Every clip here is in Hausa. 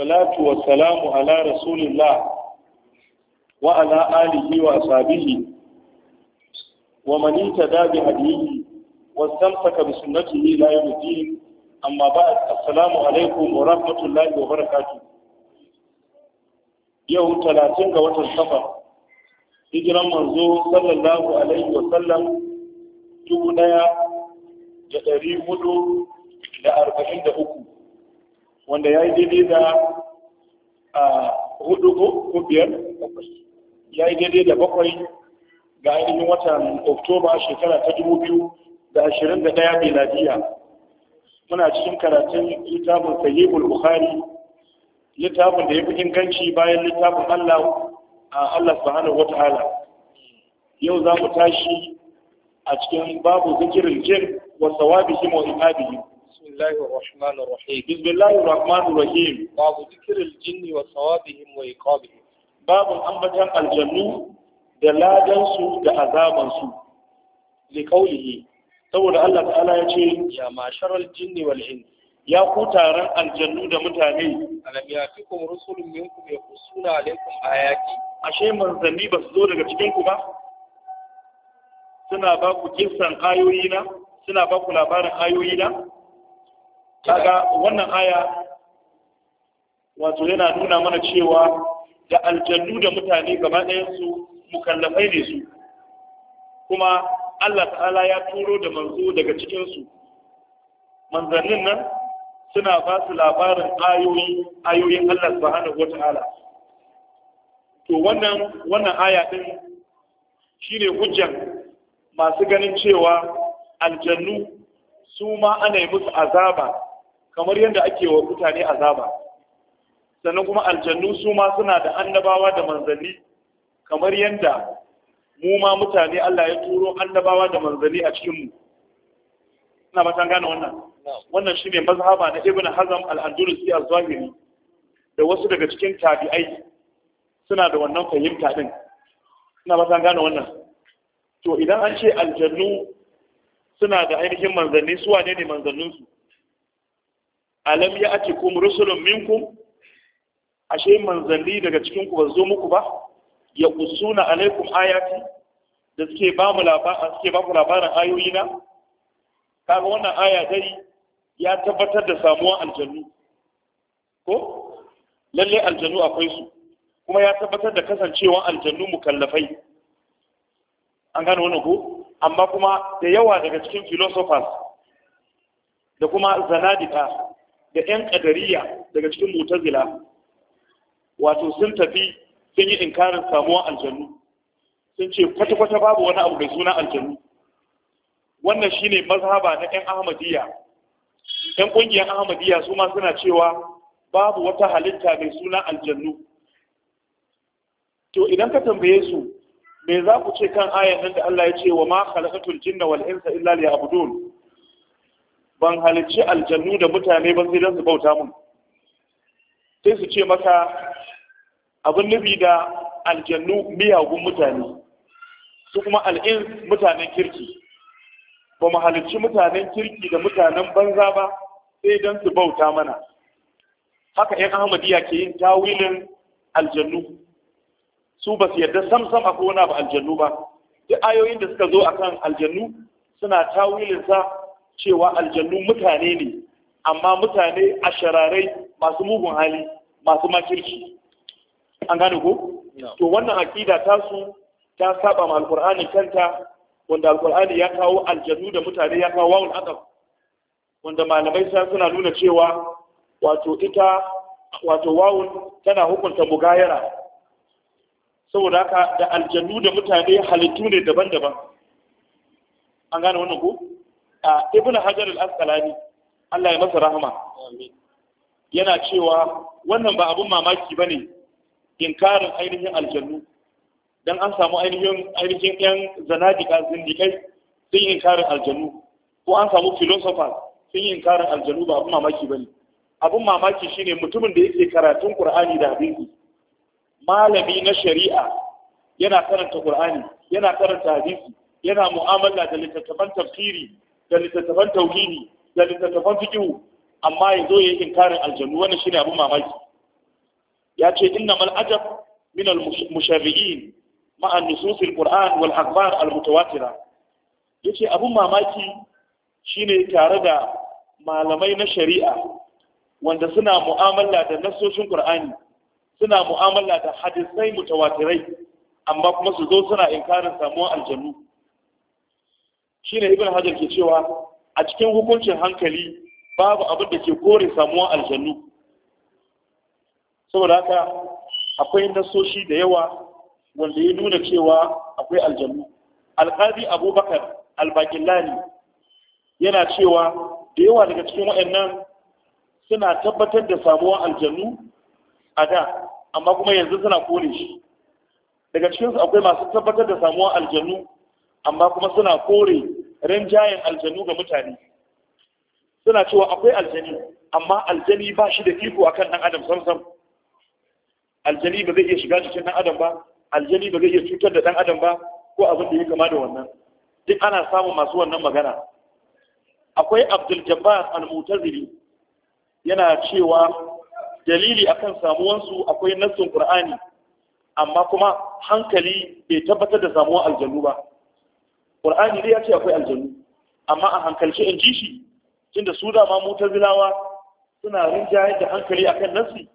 salatu wa salamu ala rasulillah wa ala alihi wa ashabihi wa man tada bi hadihi wa stamsaka bi sunnatihi la yawm al-din amma ba'd assalamu alaikum wa rahmatullahi wa barakatuh yau talatin ga watan safar hijiran manzo sallallahu alaihi wa sallam dubu daya da ɗari hudu da arba'in da uku wanda ya yi daidai da hudu ko biyar ya yi daidai da bakwai ga ainihin watan oktoba shekara ta dubu biyu da ashirin da ɗaya miladiya muna cikin karatun littafin sahihul bukhari littafin da ya fi inganci bayan littafin allah a allah subhanahu wa ta'ala yau za mu tashi a cikin babu zikirin jin wa sawabihim wa iqabihim بسم الله الرحمن الرحيم بسم الله الرحمن الرحيم باب ذكر الجن وثوابهم وعقابهم باب أنبتان الجنو دلادن سو دعذابن سو لقوله saboda Allah ta'ala ya ce ya masharal jinni wal ins ya ku taron aljannu da mutane alam yatikum rusulun minkum yaqussuna alaykum ayati ashe manzanni ba su zo daga cikin ku ba suna ba ku kissan na kaga wannan aya wato yana nuna mana cewa da aljannu da mutane gaba ɗayansu mukallafai ne su kuma Allah ta'ala ya turo da manzo daga cikinsu manzannin nan suna ba su labarin ayoyi ayoyin Allah subhanahu wata'ala to wannan wannan aya din shine hujjan masu ganin cewa aljannu su ma ana yi musu azaba kamar yadda ake wa mutane azaba sannan kuma aljannu su ma suna da annabawa da manzanni kamar yadda mu ma mutane Allah ya turo annabawa da manzanni a cikin mu ina ba gane wannan wannan shine mazhaba na Ibn Hazm al-Andalusi al zahiri da wasu daga cikin tabi'ai suna da wannan fahimta din ina ba gane wannan to idan an ce aljannu suna da ainihin manzanni su wane ne manzanninsu alam ya ake kum rusulun minkum ashe manzanni daga cikin ku ba zo muku ba ya usuna alaikum ayati da suke ba mu labarin suke ba ku labarin ayoyina kaga wannan aya dai ya tabbatar da samuwar aljannu ko lalle aljannu akwai su kuma ya tabbatar da kasancewar aljannu mukallafai an gane wannan ko amma kuma da yawa daga cikin philosophers da kuma zanadika da 'yan ƙadariya daga cikin mutazila wato sun tafi sun yi inkarin samuwa aljannu sun ce kwata-kwata babu wani abu mai suna aljannu wannan shine mazhaba na 'yan ahmadiyya 'yan ƙungiyar ahmadiyya su ma suna cewa babu wata halitta mai suna aljannu to idan ka tambaye su me za ku ce kan ayan nan da Allah ya ce wa ma khalaqatul jinna wal insa illa liya'budun ban halicci aljannu da mutane ba sai don su bauta mun sai su ce maka abin nufi da aljannu miyagun mutane su kuma al'in mutanen kirki ba mu halicci mutanen kirki da mutanen banza ba sai don su bauta mana haka ‘yan ahmadiyya ke yin tawilin aljannu su ba su yadda sam-sam a kowane ba aljannu ba duk ayoyin da suka zo a kan aljannu suna tawilinsa cewa aljannu mutane ne amma mutane a shararai masu mugun hali masu makirci an gane ko to wannan aƙida tasu ta saba ma alqur'ani kanta wanda alqur'ani ya kawo aljannu da mutane ya kawo wawul adab wanda malamai sai suna nuna cewa wato ita wato wawun tana hukunta mugayara saboda haka da aljannu da mutane halittu ne daban-daban an gane wannan ko ibn hajar al-asqalani Allah ya masa rahama yana cewa wannan ba abun mamaki bane inkarin ainihin aljannu dan an samu ainihin ainihin yan zanadika zindikai sun yi inkarin aljannu ko an samu philosophers sun yi inkarin aljannu ba abun mamaki bane abun mamaki shine mutumin da yake karatun qur'ani da hadisi malami na shari'a yana karanta qur'ani yana karanta hadisi yana mu'amala da littattafan tafsiri da littattafan tauhidi da littattafan fiqhu amma yazo yayi inkarin aljannu wannan shine abin mamaki ya ce innamal ajab min al musharri'in مع النصوص القرآن والأخبار المتواترة yace abun mamaki shine tare da malamai na shari'a wanda suna mu'amala da nasoshin Qur'ani suna mu'amala da hadisai mutawatirai amma kuma su zo suna inkarin samuwar aljannu shine ibn hajar ke cewa a cikin hukuncin hankali babu abin da ke kore samuwa aljannu saboda haka akwai nasoshi da yawa wanda ya nuna cewa akwai aljannu alkazi abubakar albakillani yana cewa da yawa daga cikin waɗannan suna tabbatar da samuwa aljannu a da amma kuma yanzu suna kore shi daga cikinsu akwai masu tabbatar da samuwa aljannu amma kuma suna kore rinjayen aljanu ga mutane suna cewa akwai aljani amma aljani ba shi da iko akan dan adam sam-sam. aljani ba zai iya shiga cikin dan adam ba aljani ba zai iya cutar da dan adam ba ko abin da ya kama da wannan duk ana samun masu wannan magana akwai abdul jabbar al-mutazili yana cewa dalili akan samuwansu akwai nassin qur'ani amma kuma hankali bai tabbatar da samuwar aljanu ba qur'ani dai ya ce akwai aljanu amma a hankalce in ji shi tunda su da ma mutazilawa suna rinjayar da hankali akan nasi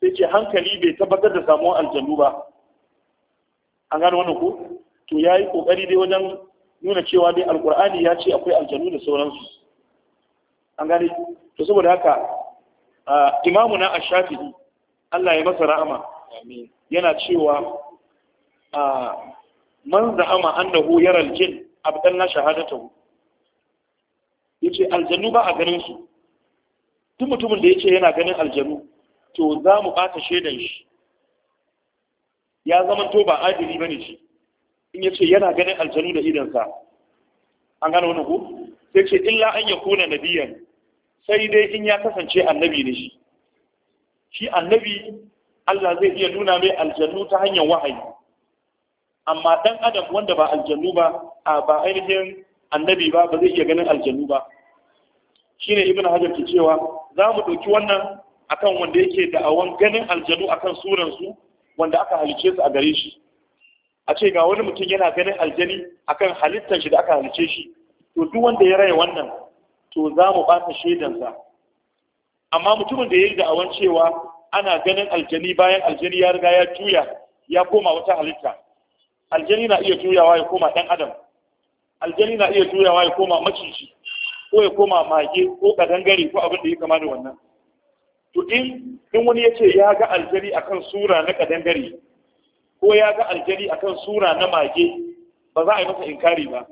sai ce hankali bai tabbatar da samuwar aljanu ba an gano wannan ko to ya kokari dai wajen nuna cewa dai alkur'ani ya ce akwai aljanu da sauransu an gane to saboda haka imamu na ash-shafi'i Allah ya masa rahama yana cewa man za'ama annahu yaral jinn abdalla shahadatahu yace aljannu ba a ganin su duk mutumin da yace yana ganin aljannu to za mu bata shaidan shi ya zama to ba adili bane shi in yace yana ganin aljanu da sa. an gano wannan ku sai ce illa an yakuna nabiyan sai dai in ya kasance annabi ne shi shi annabi Allah zai iya nuna mai aljannu ta hanyar wahayi amma dan adam wanda ba aljannu ba a ba ainihin annabi ba ba zai iya ganin aljannu ba Shi ne ibn hajar ke cewa za mu ɗauki wannan akan wanda yake da'awan ganin aljannu akan suran su wanda aka halice su a gare shi a ce ga wani mutum yana ganin aljani akan halittar shi da aka halice shi to duk wanda ya raya wannan to za mu ɓata shaidansa amma mutumin da ya yi da'awan cewa ana ganin aljani bayan aljani ya riga ya juya ya koma wata halitta aljani na iya juyawa ya koma ɗan adam aljani na iya juyawa ya koma macici, ko ya koma mage ko kadangare ko abin da ya kama da wannan to in in wani ya ce ya ga aljani akan sura na kadangare ko ya ga aljani akan sura na mage ba za a yi masa inkari ba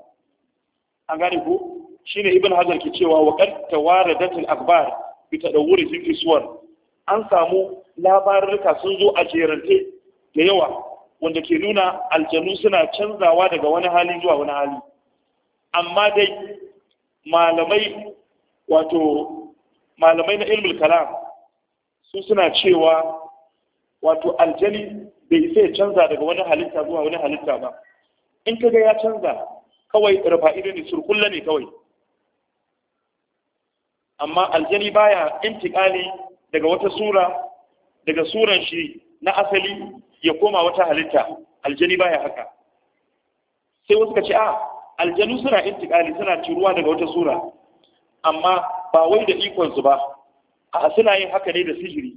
an gane ko shine ibn hajar ke cewa wa qad tawaradat al akhbar bi tadawwur fi suwar an samu labarurka sun zo a jerante da yawa wanda ke nuna aljanu suna canzawa daga wani hali zuwa wani hali amma dai malamai wato malamai na ilmul kalam su suna cewa wato aljani bai isa ya canza daga wani halitta zuwa wani halitta ba in ka ga ya canza kawai rufa'ido ne surkulla ne kawai amma aljani baya intikali daga wata sura daga suran shi na asali ya koma wata halitta aljani baya haka sai wasu ka ce a aljanu suna intikali suna ciruwa daga wata sura amma ba wai da ikonsu ba a suna yin haka ne da sihiri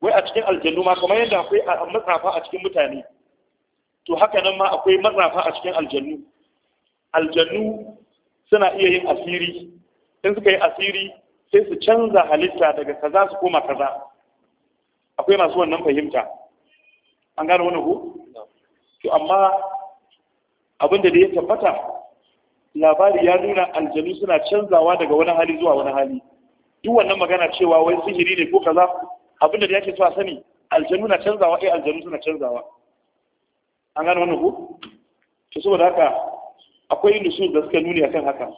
wai a cikin aljanu ma kamar yadda akwai matsafa a cikin mutane to haka nan ma akwai matsafa a cikin aljanu. Aljanu suna iya yin asiri in suka yi asiri sai su canza halitta daga kaza su koma kaza akwai masu wannan fahimta an gane wani ku? to amma abinda da ya tabbata labari ya nuna aljanu suna canzawa daga wani hali zuwa wani hali duk wannan magana cewa wai sihiri ne ko kaza abinda da yake so a sani aljanu na canzawa eh aljanu suna canzawa an gane wani ku? to saboda haka akwai nusus da suka nuni akan haka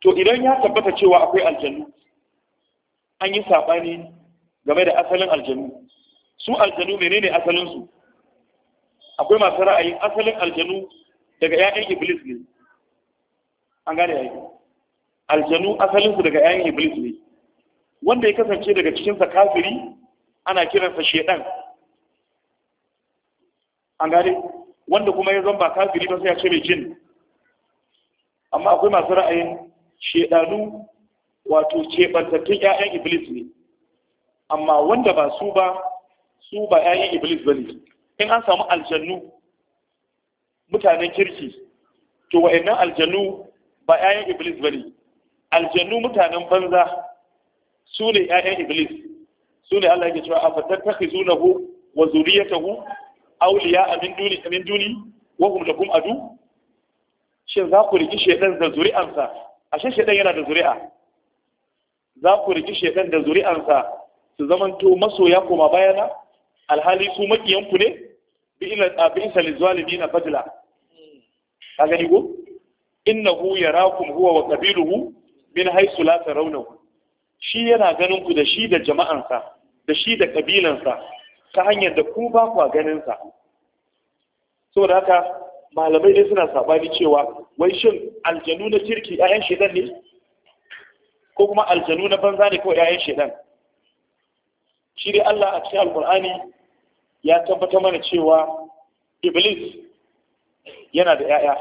to idan ya tabbata cewa akwai aljanu an yi saɓani game da asalin aljanu su aljanu menene asalinsu akwai masu ra'ayin asalin aljanu daga 'ya'yan iblis ne an gane yayi aljanu asalinsu daga 'ya'yan iblis ne wanda ya kasance daga cikinsa kafiri ana kiransa shedan an gane wanda kuma ya zamba kafiri ba sai ya ce mai jin amma akwai masu ra'ayin shedanu wato cebantattun 'ya'yan iblis ne amma wanda ba su ba su ba 'ya'yan iblis ba ne in an samu aljannu mutanen kirki to wa'annan aljannu ba 'ya'yan iblis ba ne aljannu mutanen banza su ne 'ya'yan iblis su ne Allah yake cewa a fatattakhizunahu wa zuriyatahu awliya min duni min duni wa hum lakum adu shin za ku riki shedan da zuri'ansa ashe shedan yana da zuri'a za ku riki shedan da zuri'ansa su zamanto masoya koma bayana alhali su makiyanku ne bi na dina fadla ka gani ko innahu yarakum huwa wa qabiluhu min haythu la tarawnahu shi yana ganin ku da shi da jama'ansa da shi da kabilansa ta hanyar da ku ba ku ganin sa saboda haka malamai dai suna sabani cewa wai shin aljanu na kirki ayyan shedan ne ko kuma aljanu na banza ne ko 'ya'yan shedan shi dai Allah a cikin alqur'ani ya tabbata mana cewa iblis yana da 'ya'ya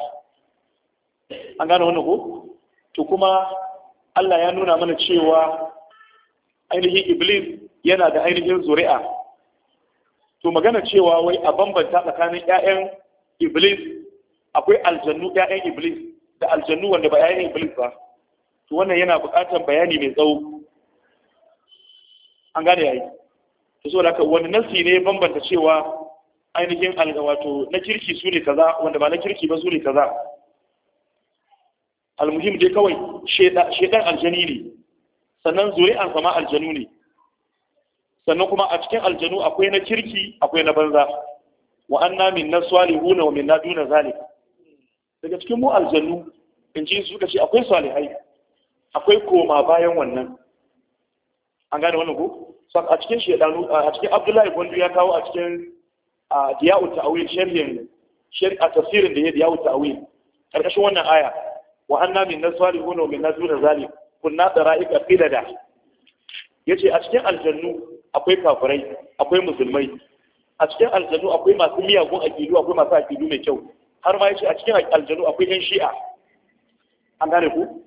an gane wannan ko to kuma Allah ya nuna mana cewa ainihin iblis yana da ainihin zuri'a to magana cewa wai a bambanta tsakanin 'ya'yan iblis akwai aljannu 'ya'yan iblis da aljannu wanda ba 'ya'yan iblis ba to wannan yana buƙatar bayani mai tsawo an gane yayi to saboda haka wani nasi ne bambanta cewa ainihin wato na kirki su ne kaza wanda ba na kirki ba su ne kaza almuhim dai kawai shedan aljani ne sannan zuri'an sama aljanu ne sannan kuma a cikin aljanu akwai na kirki akwai na banza wa anna minna salihuna wa minna duna zalika daga cikin mu aljanu in ji suka ce akwai salihai akwai koma bayan wannan an gane wannan ko a cikin shedanu a cikin abdullahi gwandu ya kawo a cikin diya'u ta'awil sharhin a tafsirin da ya diya'u ta'awil karkashin wannan aya wa anna min nasali hunu min nazur zalim kunna dara'ika Ya yace a cikin aljannu akwai kafirai akwai musulmai a cikin aljannu akwai masu miyagun akidu akwai masu akidu mai kyau har ma yace a cikin aljannu akwai ɗan shi'a an gane ku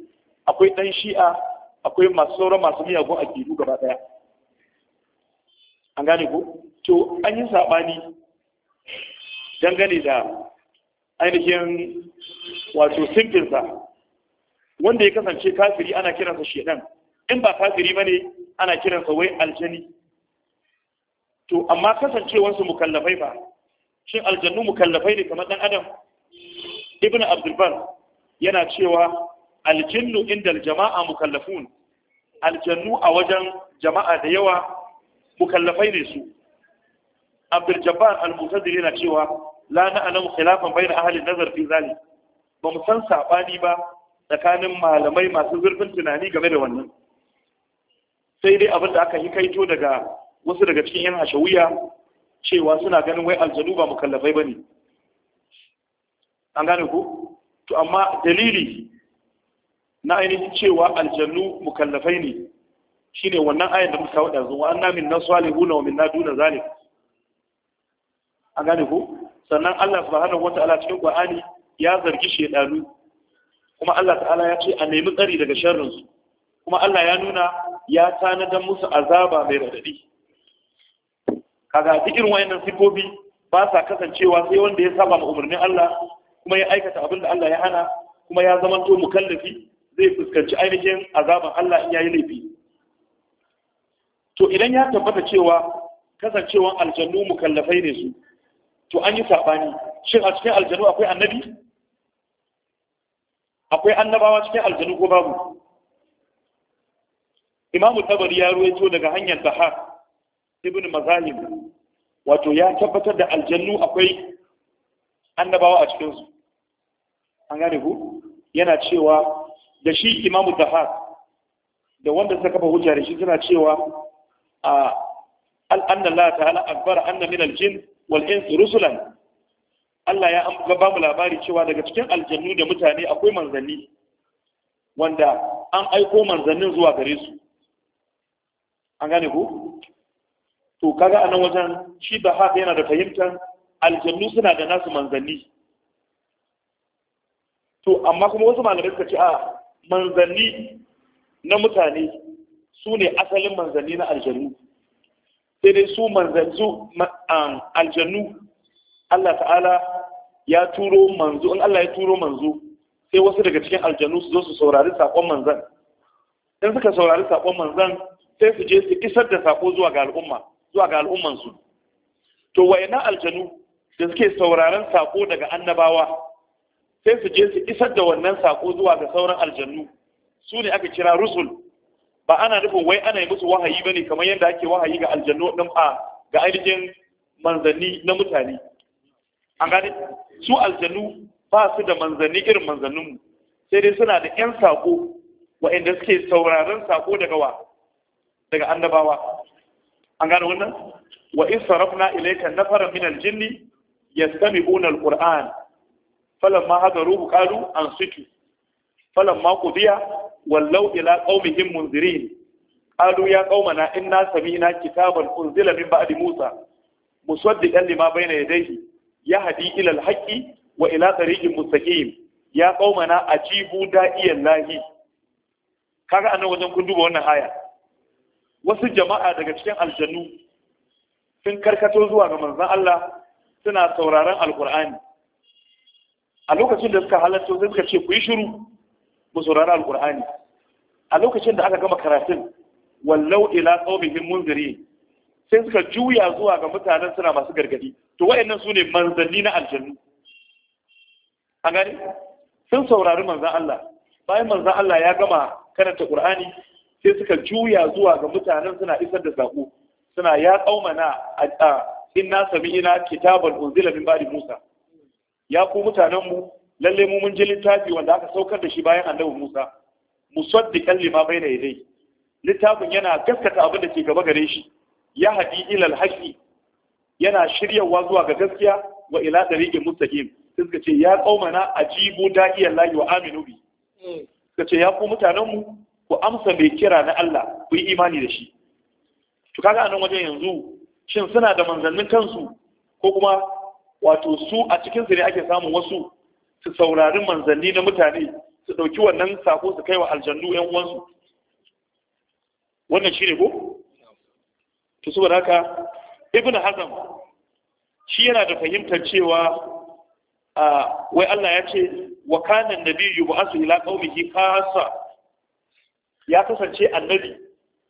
akwai dan shi'a akwai masu sauran masu miyagun akidu gaba daya an gane ko to an yi saɓani dangane da ainihin wato simfinsa wanda ya kasance kafiri ana kiransa shedan in ba kafiri ba ne ana kiransa wai aljani to amma kasancewarsu mukallafai ba shin aljannu mukallafai ne kamar ɗan adam ibn abdulbar yana cewa aljinnu inda jama'a mukallafun aljannu a wajen jama'a da yawa mukallafai ne su abdul jabbar al-mutadir yana cewa la na'lamu khilafan bayna ahli nazar fi zalik ba mu san sabani ba tsakanin malamai masu zurfin tunani game da wannan sai dai abin da aka yi kaito daga wasu daga cikin yan hashawiya cewa suna ganin wai aljanu ba mukallafai bane an gane ku to amma dalili na ainihin cewa aljannu mukallafai ne shine wannan ayan da muka kawo da zuwa anna min nasalihuna wa min duna zalik A gane ko sannan Allah subhanahu wataala cikin Qur'ani ya zargi shedanu kuma Allah ta'ala ya ce a nemi tsari daga sharrin kuma Allah ya nuna ya tanadar musu azaba mai raɗaɗi. kaga duk irin wayannan sifofi ba sa kasancewa sai wanda ya saba ma umarnin Allah kuma ya aikata abin da Allah ya hana kuma ya zama to mukallafi zai fuskanci ainihin azaban Allah in yayi laifi to idan ya tabbata cewa kasancewan aljannu mukallafai ne su to an yi sabani shin a cikin aljannu akwai annabi akwai annabawa cikin aljanu ko babu imam tabari ya ruwaito daga hanyar bahar ibn mazahim wato ya tabbatar da aljannu akwai annabawa a cikinsu an gane ku yana cewa da shi imamu zahar da wanda suka kafa hujja da shi suna cewa a al'anna Allah ta'ala akbar anna min al-jin wal ins rusulan Allah ya amka ba mu labari cewa daga cikin aljannu da mutane akwai manzanni wanda an aiko manzannin zuwa gare su an gane ku to kaga a nan wajen shi da haka yana da fahimtar aljannu suna da nasu manzanni to amma kuma wasu malamai suka ce a manzanni na mutane su ne asalin manzanni na aljannu sai dai su manzanzu um, aljannu Allah ta'ala ya turo manzo in Allah ya turo manzo sai wasu daga cikin aljannu su zo su saurari sakon manzan in suka saurari sakon manzan sai su je su isar da sako zuwa ga al'umma zuwa ga al'ummansu. To to wayana aljannu da suke sauraron sako daga annabawa sai su je su isar da wannan sako zuwa ga sauran aljannu su ne aka kira rusul ba ana nufin wai ana yi musu wahayi ba ne kamar yadda ake wahayi ga aljannu ɗin a ga ainihin manzanni na mutane an gane su aljannu ba su da manzanni irin mu sai dai suna da 'yan sako wa'inda suke sauraron sako daga wa daga annabawa an gane wannan wa in sarafna ilayka nafaran min aljinni yastami'una alquran falan ma haka ruhu kalu an situ falan ma kudiya wallau ila qaumihim munzirin qalu ya qaumana inna sami'na kitaban unzila min ba'di musa musaddiqan lima bayna yadayhi yahdi ila al-haqqi wa ila tariqin mustaqim ya qaumana ajibu da'iyan lahi kaga anan wajen kun duba wannan aya wasu jama'a daga cikin aljannu sun karkato zuwa ga manzon Allah suna sauraron alqur'ani a lokacin da suka halatta sai suka ce ku yi shiru mu saurari alkur'ani a lokacin da aka gama karatun wallau ila qaumihim munziri sai suka juya zuwa ga mutanen suna masu gargadi to wayannan sune manzanni na aljannu an gani sun saurari manzan Allah bayan manzan Allah ya gama karanta Qur'ani sai suka juya zuwa ga mutanen suna isar da sako suna ya qaumana inna ina kitaban unzila min ba'di Musa ya ku mutanen mu lalle mu mun ji littafi wanda aka saukar da shi bayan annabi Musa musaddiqan lima bayna yadayhi littafin yana gaskata abin da ke gaba gare shi ya haɗi ilal haƙi yana shiryawa zuwa ga gaskiya wa ila ɗariƙin mustaqim sai suka ce ya ƙaumana ajibu da'iyar layi wa aminu bi suka ce ya ku mutanenmu ku amsa mai kira na Allah ku yi imani da shi to kaga anan wajen yanzu shin suna da manzannin kansu ko kuma wato su a cikin su ne ake samun wasu su saurari manzanni na mutane su ɗauki wannan sako su kai wa aljannu yan uwansu wannan shi ne ko to saboda haka ibn hazm shi yana da fahimtar cewa a wai Allah ya ce wa kana nabiyyu asu ila qaumihi kasa ya kasance annabi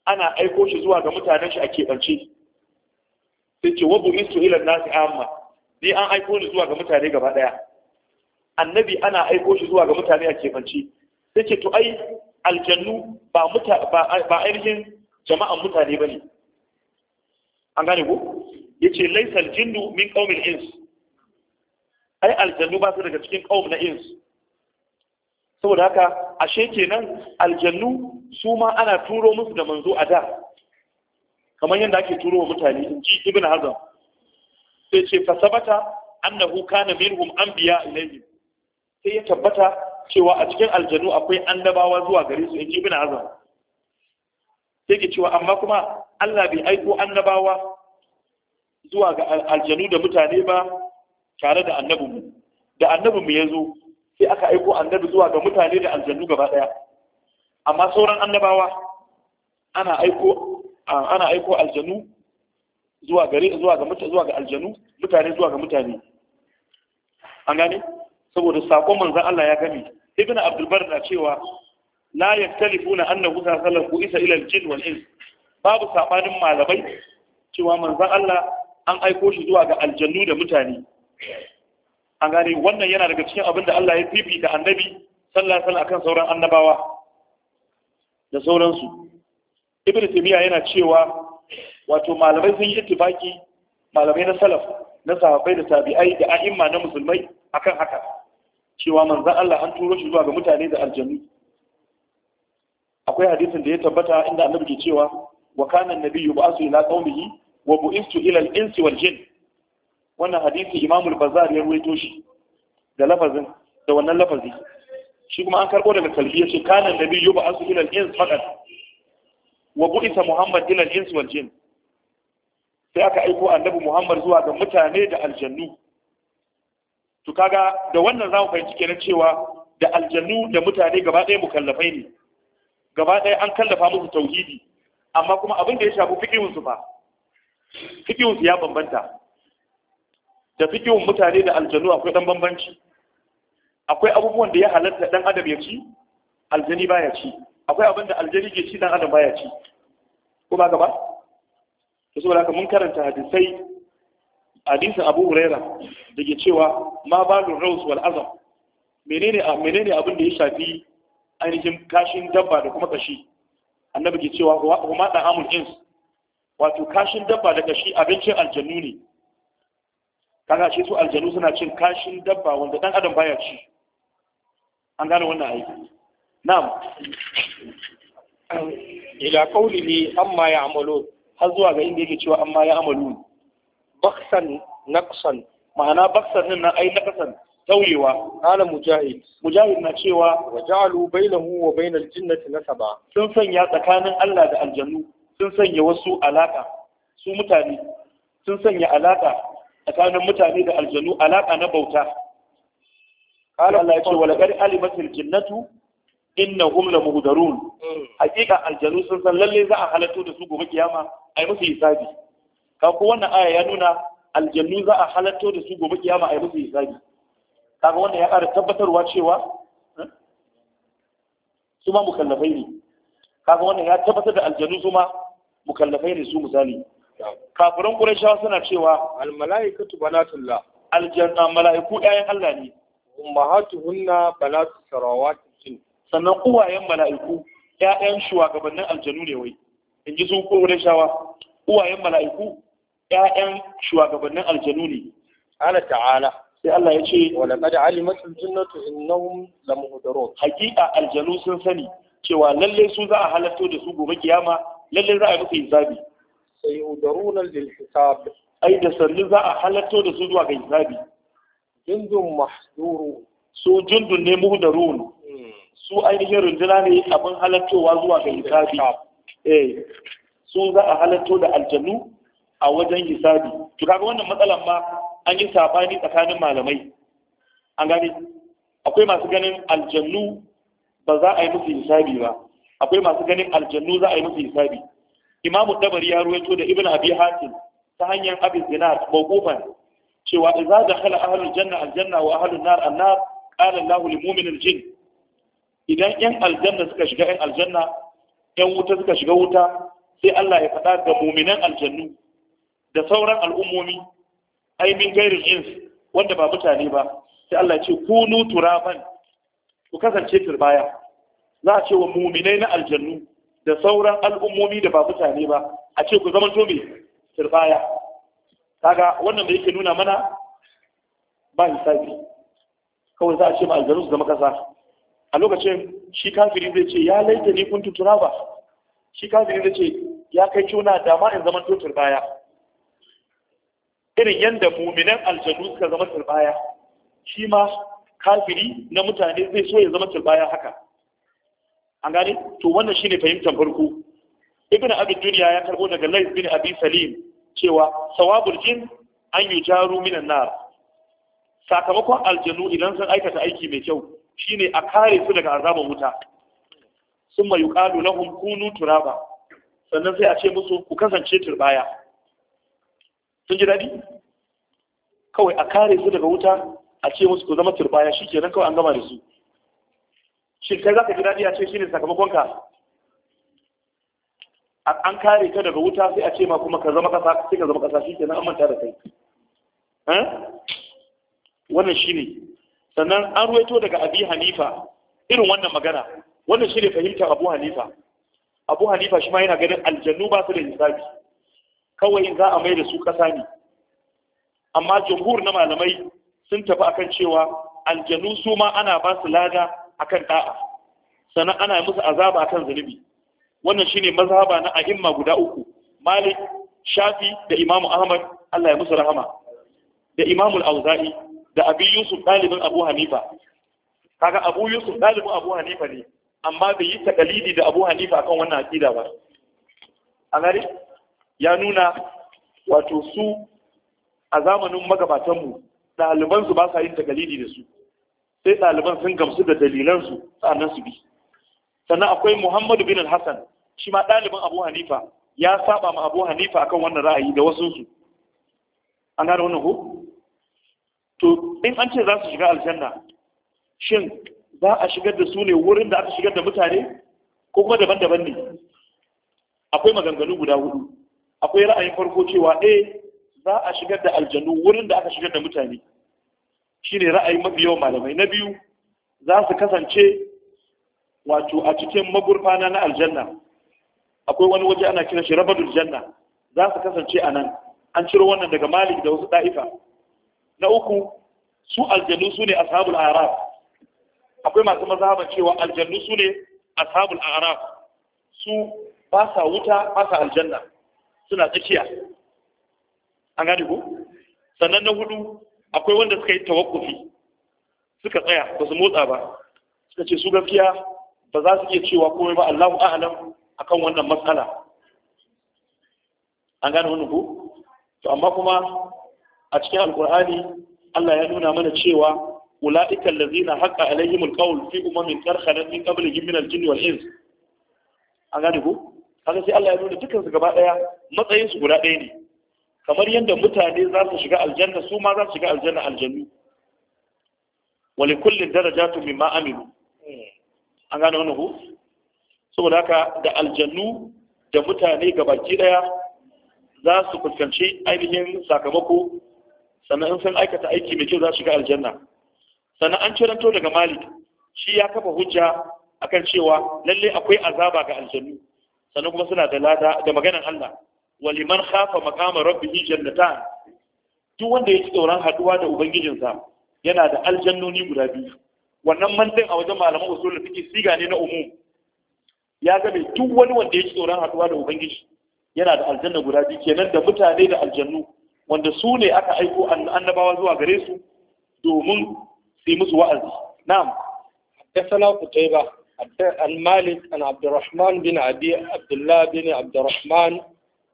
ana aiko shi zuwa ga mutanen shi a keɓance sai ce wa bu'istu ila nasi amma ni an aiko ni zuwa ga mutane gaba daya annabi ana aiko shi zuwa ga mutane a kefanci sai ce to ai aljannu ba ba ainihin jama'an mutane bane an gane ko yace laysal jinnu min qaumil ins ai aljannu ba su daga cikin qaum na ins saboda haka ashe kenan aljannu su ma ana turo musu da manzo a da kamar yadda ake turo wa mutane in ji ibn hazm sai ce fasabata annahu kana minhum anbiya ilayhi sai ya tabbata cewa a cikin aljanu akwai annabawa zuwa gare su inji ibn azam sai ke cewa amma kuma Allah bai aiko annabawa zuwa ga aljanu da mutane ba tare da mu. da annabinmu ya zo sai aka aiko annabi zuwa ga mutane da aljanu gaba daya amma sauran annabawa ana aiko ana aiko aljanu zuwa gare zuwa ga zuwa ga aljanu mutane zuwa ga mutane an gane saboda sakon manzon Allah ya gami ibn abdul bar na cewa la yaktalifuna annahu sallallahu isa ila aljin wal ins babu sabanin malamai cewa manzon Allah an aiko shi zuwa ga aljannu da mutane an gane wannan yana daga cikin abin da Allah ya da annabi sallallahu alaihi akan sauran annabawa da sauransu ibn taymiya yana cewa wato malamai sun yi ittifaki malamai na salaf na sahabbai da tabi'ai da a'imma na musulmai akan haka cewa manzon Allah an turo shi zuwa ga mutane da aljannu akwai hadisin da ya tabbata inda annabi ke cewa wa kana annabiyyu ba'athu ila qaumihi wa bu'istu ila al-insi wal jinn wannan hadisi Imam al-Bazzar ya ruwaito shi da lafazin da wannan lafazi shi kuma an karbo daga kalbi yace kana annabiyyu ba'athu ila al-insi faqat wa bu'itha Muhammad ila al-insi wal jinn sai aka aiko annabi Muhammad zuwa ga mutane da aljannu to kaga da wannan zamu fahimci kenan cewa da aljannu da mutane gaba ɗaya mukallafai ne gaba ɗaya an kallafa musu tauhidi amma kuma abin da ya shafi fikihun su fa fikihun su ya bambanta da fikihun mutane da aljannu akwai dan bambanci akwai abubuwan da ya halatta dan adam ya ci aljani baya ci akwai abin da aljani ke ci dan adam baya ci ko ba gaba to saboda haka mun karanta hadisai hadisin Abu Huraira da ke cewa ma balul raus wal azam menene menene abin da ya shafi ainihin kashin dabba da kuma kashi annabi ke cewa huma da amul ins wato kashin dabba da kashi abincin aljannu ne kaga shi su aljanu suna cin kashin dabba wanda dan adam baya ci an gane wannan aiki na'am ila qawlihi amma ya'malun har zuwa ga inda yake cewa amma ya amalu baksan naqsan ma'ana baksan nan ai naqsan tauyewa qala mujahid mujahid na cewa wa ja'alu bainahu wa bainal jinnati nasaba sun sanya tsakanin Allah da aljannu sun sanya wasu alaka su mutane sun sanya alaka tsakanin mutane da aljannu alaka na bauta qala Allah ya ce wa laqad alimatil jinnatu innahum lamuhdarun mm. hakika aljannu sun san lalle za a halatto da su gobe kiyama ai musu hisabi ka ko wannan aya ya nuna aljannu za a halatto da su gobe kiyama ai musu hisabi kaga wannan ya ƙara tabbatarwa cewa eh, su ma mukallafai ne kaga wannan ya tabbatar da aljannu su ma mukallafai ne su misali kafirin ƙurashawa suna cewa al malaikatu banatullah aljanna malaiku ƴaƴan Allah ne ummahatuhunna banatu sarawati sannan uwayen malaiku ƴaƴan shugabannin aljanu ne wai in ji sun kurwa shawa uwayen mala'iku ƴaƴan shugabannin aljanu ne ala ta'ala sai Allah ya ce wa laqad alimat al-jinnatu innahum lamuhdarun haqiqa aljanu sun sani cewa lalle su za a halatto da su gobe kiyama lalle za a musu hisabi sayudaruna lil hisab ai da sannu za a halatto da su zuwa ga hisabi jundun mahduru su jundun ne muhdarun hmm. su ainihin runduna ne abin halattowa zuwa ga hisabi eh sun za a halatto da aljanu a wajen hisabi to kaga wannan matsalan ma an yi sabani tsakanin malamai an gane akwai masu ganin aljannu ba za a yi musu hisabi ba akwai masu ganin aljannu za a yi musu hisabi imamu dabari ya ruwaito da ibn abi hatim ta hanyar abin dinar mawqufan cewa idza dakhala ahlul janna aljanna wa ahlun nar annar qala allah lil mu'minil jin idan yan aljanna suka shiga yan aljanna yan wuta suka shiga wuta sai Allah ya faɗa ga muminan aljannu da sauran al'ummomi ai min gairin ins wanda ba mutane ba sai Allah ya ce kunu turaban ku kasance turbaya za a ce wa muminai na aljannu da sauran al'ummomi da ba mutane ba a ce ku zama to me turbaya kaga wannan da yake nuna mana ba hisabi kawai za a ce ma aljannu su zama kasa a lokacin shi kafiri zai ce ya laita ni kuntu turaba shi kafiri zai ce ya kai cuna dama in zama to baya. irin yadda muminan aljanu suka zama turbaya shi ma kafiri na mutane zai so ya zama turbaya haka an gane to wannan shine fahimtar farko ibn abi duniya ya karbo daga lais bin abi salim cewa sawabul jin an yujaru minan nar sakamakon aljanu idan sun aikata aiki mai kyau shine a kare su daga azabar wuta summa yukalu na hunkunu turaba sannan sai a ce musu ku kasance turbaya sun ji daɗi kawai a kare su daga wuta a ce musu ku zama turbaya shi kenan kawai an gama da su shi kai za ka ji daɗi a ce shi ne sakamakonka an kare ka daga wuta sai a ce ma kuma ka zama ƙasa sai ka zama ƙasa shi kenan an manta da kai eh? wannan shi ne sannan an ruwaito daga abi hanifa irin wannan magana wannan shi ne fahimtar abu hanifa abu hanifa shi ma yana ganin aljannu ba su da hisabi kawai za a mai da su ƙasa ne amma jamhur na malamai sun tafi akan cewa aljannu su ma ana ba su lada akan da'a sannan ana musu azaba akan zunubi wannan shine mazhaba na a'imma guda uku malik shafi da imamu ahmad Allah ya musu rahama da imamul auzai da abi yusuf ɗalibin abu hanifa kaga abu yusuf ɗalibin abu hanifa ne amma bai yi takalidi da abu hanifa akan wannan aƙida ba a gari ya nuna wato su a zamanin magabatanmu ɗalibansu ba sa yin takalidi da su sai ɗaliban sun gamsu da dalilansu nan su bi sannan akwai muhammadu bin hassan shi ma ɗalibin abu hanifa ya saba ma abu hanifa akan wannan ra'ayi da su an gane wannan ko to in an ce za su shiga aljanna shin za a shigar da su ne wurin da aka shigar da mutane ko kuma daban-daban ne akwai maganganu guda hudu akwai ra'ayin farko cewa eh za a shigar da aljanu wurin da aka shigar da mutane shine ra'ayi mafi yawan malamai na biyu za su kasance wato a cikin magurfana na aljanna akwai wani waje ana kira shi rabadul janna za su kasance a nan an ciro wannan daga malik da wasu da'ifa na uku su aljannu su ne ashabul araf akwai masu mazhaban cewa aljannu su ne ashabul araf su ba sa wuta ba sa aljanna suna tsakiya an gane ku sannan na hudu akwai wanda suka yi tawakkufi suka tsaya ba su motsa ba suka ce su gaskiya ba za su iya cewa komai ba Allahu a'lam akan wannan matsala an gane wannan ku to amma kuma a cikin alkur'ani Allah ya nuna mana cewa ula'ikal ladzina haqa alaihimul qawl fi umamin karkhadat min qablihim min al-jinn wal ins an gane ku? Haka sai Allah ya nuna dukkan su gaba daya matsayin su guda ɗaya ne kamar yadda mutane za su shiga aljanna su ma za su shiga aljanna aljannu wa li kullin darajatun mimma amilu an gane wannan ko saboda haka da aljannu da mutane gabaki ɗaya za su fuskanci ainihin sakamako sannan in sun aikata aiki mai kyau za su shiga aljanna sannan an ciranto daga malik shi ya kafa hujja akan cewa lalle akwai azaba ga aljannu sannan kuma suna da lada da maganar Allah wa liman khafa maqama rabbihi jannatan duk wanda ya tsoron haduwa da ubangijinsa yana da aljannoni guda biyu wannan mantan a wajen malaman usul fiqh siga ne na umum ya ga duk wani wanda ya tsoron haduwa da ubangiji yana da aljanna guda biyu kenan da mutane da aljannu wanda su ne aka aiko annabawa zuwa gare su domin su musu wa'azi na'am حدثنا قتيبة عن مالك عن عبد bin بن أبي عبد الله بن عبد الرحمن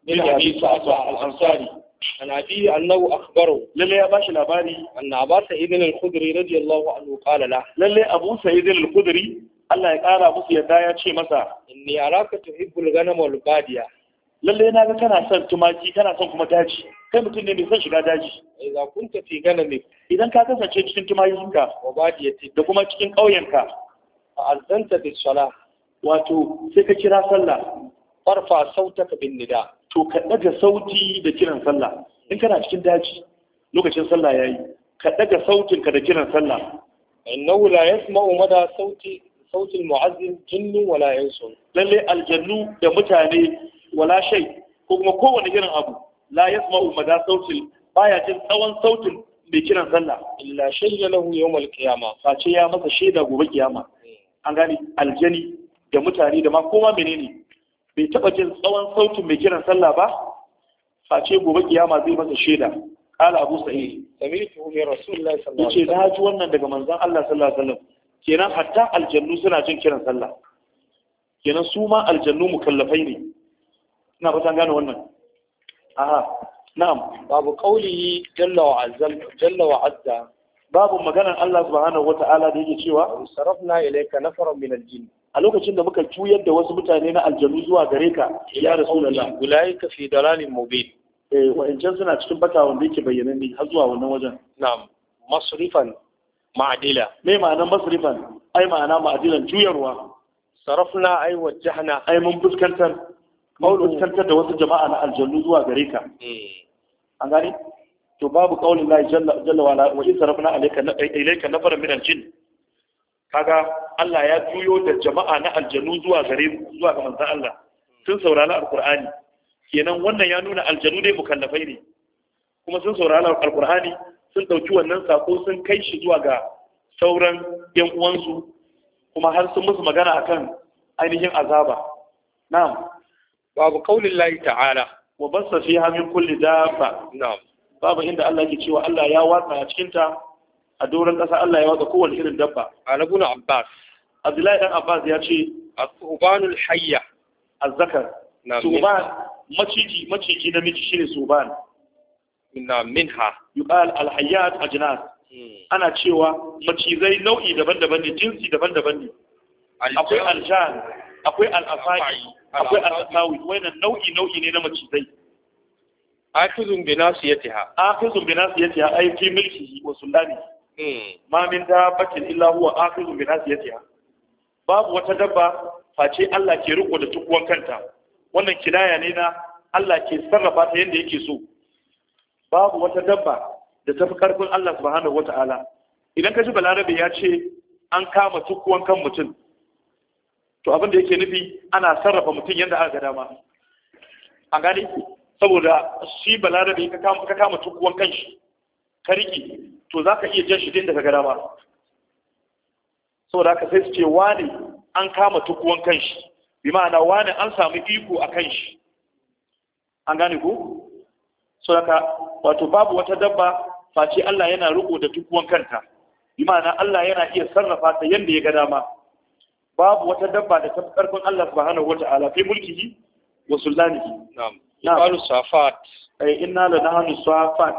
بن أبي سعد الأنصاري عن أبيه أنه ya للي أبا شلاباني أن أبا سعيد الخدري رضي الله عنه قال له abu أبو سعيد الخدري Allah ya kara musu yadda ya ce masa inni araka tuhibbul ghanam wal badiya lalle na ga kana son tumaki kana son kuma daji kai mutum ne mai son shiga daji idza idan ka kasance cikin tumayinka. wa ba da kuma cikin ƙauyenka a azanta da sala wato sai ka kira sallah farfa ka bin nida to ka ɗaga sauti da kiran sallah in kana cikin daji lokacin sallah yayi ka daga sautinka da kiran sallah innahu la yasma'u mada sauti sautin mu'azzin jinnu wala yansu. lalle aljannu da mutane wala shay ko kuma kowane irin abu la yasma'u mada sautin baya jin tsawon sautin mai kiran sallah illa shayya lahu yawmal qiyama face ya masa shaida gobe kiyama an gane aljani da mutane da ma koma menene bai taba jin tsawon sautin mai kiran sallah ba face gobe kiyama zai masa shaida qala abu sa'id sami'tu min rasulillahi sallallahu alaihi wasallam yace ji wannan daga manzon Allah sallallahu alaihi wasallam kenan hatta aljannu suna jin kiran sallah kenan su ma aljannu mukallafai ne ina fatan gane wannan aha na'am babu qaulihi jalla wa azza jalla wa azza babu maganar Allah subhanahu wata'ala da yake cewa sarafna ilayka nafaran min al-jinn a lokacin da muka juyar da wasu mutane na aljanu zuwa gare ka ya rasulullah ulaika fi dalalin mubin eh wa'ancan suna cikin bata wanda yake bayyana ne har zuwa wannan wajen na'am masrifan ma'adila me ma'anar masrifan ai ma'ana ma'adilan juyarwa sarafna ai wajjahna ai mun fuskantar kawulun tartar da wasu jama'a na aljannu zuwa gare ka eh. an gani? to babu kaulin lahi jalla wa isa in na alayka na farin minan aljin kaga Allah ya juyo da jama'a na aljannu zuwa gare zuwa ga manzan Allah sun saurari alkur'ani kenan wannan ya nuna aljannu dai mukallafai ne kuma sun saurari alkur'ani sun dauki wannan sako sun kai shi zuwa ga sauran yan uwansu kuma har sun musu magana akan ainihin azaba na'am babu qaulin lahi ta'ala wa bassa fiha kulli dafa babu inda Allah ke cewa Allah ya watsa a cikin ta a doron ƙasa Allah ya watsa kowane irin dabba alabun abbas abdullahi dan abbas ya ce ubanul hayya azzakar suban maciji maciji namiji shine suban na minha yuqal al hayyat ajnas hmm. ana cewa macizai nau'i daban-daban ne jinsi daban-daban ne akwai aljan akwai al'afa'i. akwai al-asawi wannan nau'i nau'i ne na macizai akizun bi nasiyatiha akizun bi nasiyatiha ay fi milkihi wa sulani hmm. ma min dabbatin illa huwa akizun bi nasiyatiha babu wata dabba face Allah ke riko da tukuwan kanta wannan kinaya ne na Allah ke sarrafa ta yanda yake so babu wata dabba da tafi karfin Allah subhanahu wata'ala idan ka ji balarabe ya ce an kama tukuwan kan mutum to abin da yake nufi ana sarrafa mutum yadda aka dama an gane saboda shi balarabe ka kama tukuwan kanshi ka riƙe to za ka iya jan shi din daga gada ba saboda haka sai su ce wane an kama tukuwan kanshi bi ma'ana wane an samu iko a kanshi an gane ko saboda ka, wato babu wata dabba face Allah yana riko da tukuwan kanta bi ma'ana Allah yana iya sarrafa ta yadda ya ga dama babu wata dabba da tafi karfin Allah subhanahu wata'ala fi mulkihi wa sultanihi na'am qalu safat ay inna la nahnu safat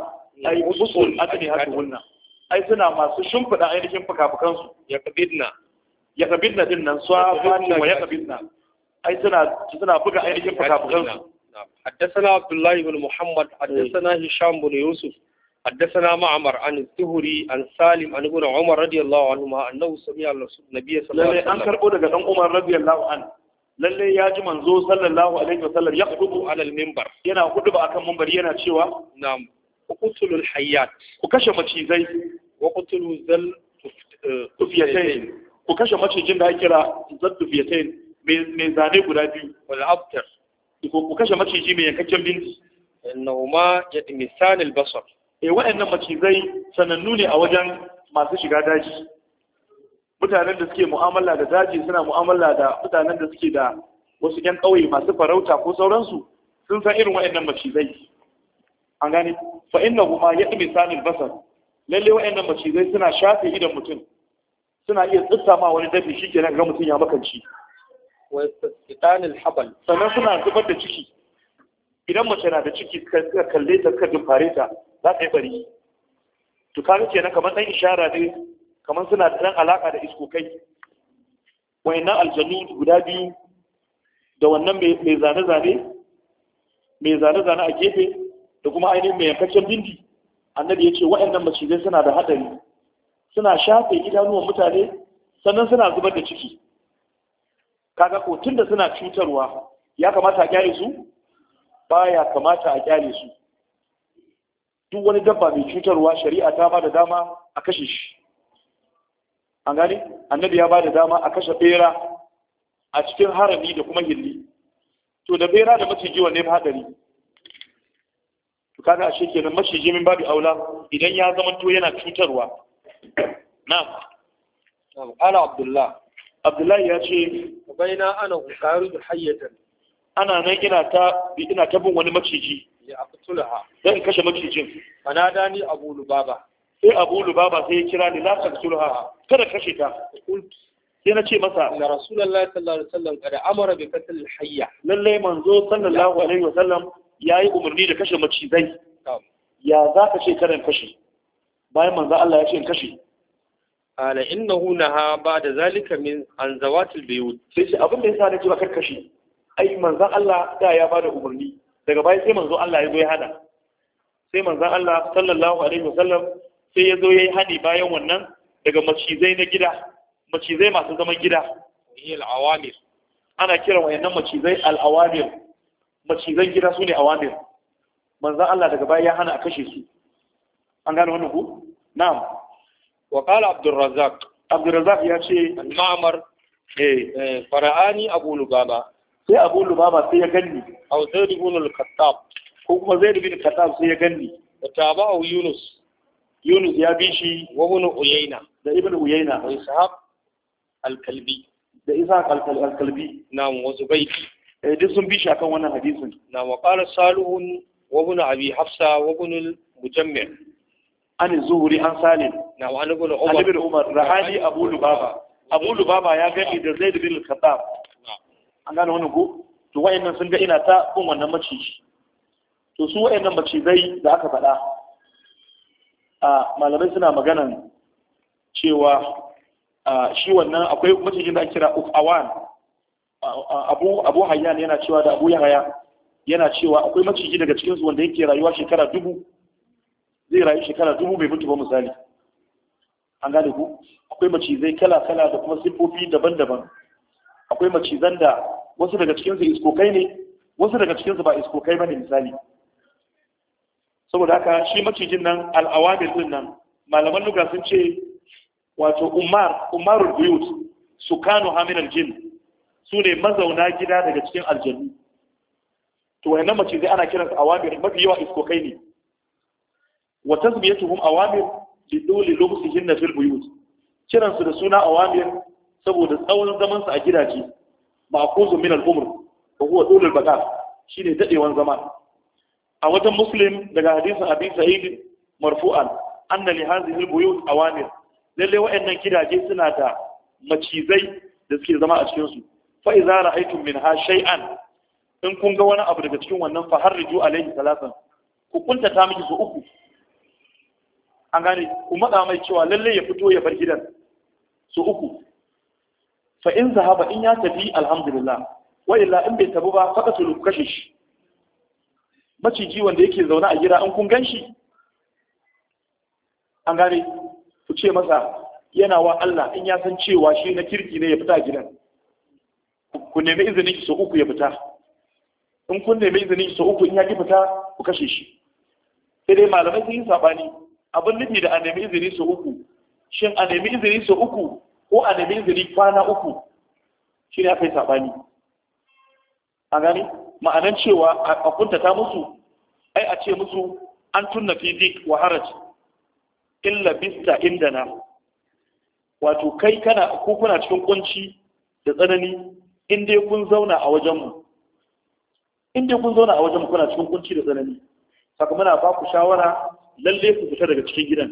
ay usul atani hatuhunna ai suna masu shimfida ainihin fukafukan su ya kabidna ya kabidna din nan safat wa ya kabidna ai suna suna buga ainihin fukafukan su حدثنا Abdullahi الله Muhammad, محمد حدثنا هشام Yusuf. حدثنا معمر عن الزهري عن سالم عن ابن عمر رضي الله عنهما انه سمع النبي صلى الله عليه وسلم an karbo daga dan Umar radiyallahu anhu lalle ya ji manzo sallallahu alaihi wasallam ya kudubu alal minbar yana kuduba akan minbar yana cewa na'am uqtulul hayyat ku kashe macizai wa qtulu zal tufiyatayn ku kashe macijin da ake kira zal tufiyatayn mai zane guda biyu wal abtar ku kashe maciji mai yankakken bindi innahuma yadmisan al basar e waɗannan macizai sanannu ne a wajen masu shiga daji mutanen da suke mu'amala da daji suna mu'amala da mutanen da suke da wasu 'yan ƙauye masu farauta ko sauransu sun san irin wa'annan macizai an gane fa inna huma yadmi samin basar lalle wa'annan macizai suna shafe idan mutum suna iya tsitsa ma wani dafi nan ga mutum ya makanci wa istitanil habal sannan suna zubar da ciki idan mace na da ciki ka kalle ta ka dumfare ta za ta yi bari to kaga na kamar dan ishara ne kamar suna da dan alaka da iskokai wayannan aljannu guda biyu da wannan mai zane-zane mai zane-zane a gefe da kuma ainihin mai yankaccen bindi annabi ya ce waɗannan macizai suna da haɗari suna shafe idanuwan mutane sannan suna zubar da ciki kaga ko tunda suna cutarwa ya kamata a gyare su baya kamata a kyale su duk wani dabba mai cutarwa shari'a ta ba da dama a kashe shi an gani annabi ya ba da dama a kashe bera a cikin harami da kuma hilli to da bera da maciji wanne ba hadari to kaga ashe nan maciji min babu aula idan ya zama to yana cutarwa Na ala abdullah abdullah ya ce na ana da hayyatan ana nan ina ta ina ta bin wani maciji ya aqtulaha dan kashe macijin fanada ni abu lubaba sai abu lubaba sai ya kira ni la taqtulha kada kashe ta sai na ce masa na rasulullahi sallallahu alaihi wasallam kada amara bi qatl hayya lalle manzo sallallahu alaihi wasallam yayi umarni da kashe macizai ya za ka ce karin kashe bayan manzo Allah ya ce in kashe ala innahu naha ba da zalika min an zawatil buyut sai abin da yasa na ce ba kashe ai manzan Allah da ya bada umarni daga baya sai manzo Allah ya zo ya hada sai manzan Allah sallallahu alaihi wasallam sai ya zo ya yi hani bayan wannan daga macizai na gida macizai masu zaman gida al-awamir ana kiran wayannan macizai al-awamir macizan gida sune awamir manzan Allah daga baya ya hana a kashe su an gane wannan ku na'am wa qala abdurrazzaq abdurrazzaq ya ce ma'amar eh. eh fara'ani abu lubaba sai abu lubaba sai ya ganni aw zaid ibn al-khattab ko kuma zai ibn al-khattab sai ya ganni da tabahu yunus yunus ya bi shi wa ibn uyayna da ibn uyayna wa ishaq al-kalbi da ishaq al-kalbi na'am wa zubayr eh duk sun bi shi akan wannan hadisin na wa qala salihun wa ibn abi hafsa wa ibn al an zuhri an salim na wa ibn umar ibn umar rahali abu lubaba abu lubaba ya gani da zaid ibn al-khattab an gane wani ko to wayannan sun ga ina ta kun wannan maciji to su wayannan macizai da aka faɗa a malamai suna maganan cewa shi wannan akwai macijin da kira ukawan abu abu hayyan yana cewa da abu yahaya yana cewa akwai maciji daga cikinsu wanda yake rayuwa shekara dubu zai rayu shekara dubu bai mutu ba misali an gane ku akwai macizai kala-kala da kuma siffofi daban-daban akwai macizan da wasu daga cikinsu iskokai ne wasu daga cikinsu ba iskokai ba ne misali saboda haka shi macijin nan al'awamir din nan malaman luga sun ce wato umar umarul buyut Kano hamil jin su ne mazauna gida daga cikin aljannu to wayannan macizai ana kiransu awamir mafi yawa iskokai ne wa tasbiyatuhum awamir li dole na fil kiransu da suna awamir saboda tsawon zaman sa a gidaje ma'kuzun min al-umr wa huwa tulul baqa shine dadewan zama a wajen muslim daga hadisin abi sa'id marfu'an anna li hadhihi al-buyut awamir lalle wa'annan gidaje suna da macizai da suke zama a cikin su fa idza ra'aytum minha shay'an in kun ga wani abu daga cikin wannan fa harriju alayhi salatan ku kunta ta miki su uku an gane ku matsa mai cewa lalle ya fito ya bar gidan su uku fa in zahaba in ya tafi alhamdulillah wa illa in bai tabu ba faka ku kashe shi maciji wanda yake zaune a gida an kun ganshi an gane ku ce masa yana wa Allah in ya san cewa shi na kirki ne ya fita gidan ku nemi izinin ki so uku ya fita in kun nemi izinin ki so uku in ya ki fita ku kashe shi sai dai malamai sun yi sabani abin nufi da a nemi izini so uku shin a nemi izini so uku ko a nemi izini kwana uku shi ne aka yi saɓani a gani ma'anan cewa a kuntata musu ai a ce musu an tunna fizik wa haraj illa bista inda na. wato kai kana ko kuna cikin kunci da tsanani in dai kun zauna a wajenmu in dai kun zauna a wajenmu kuna cikin kunci da tsanani saka muna ba ku shawara lalle ku fita daga cikin gidan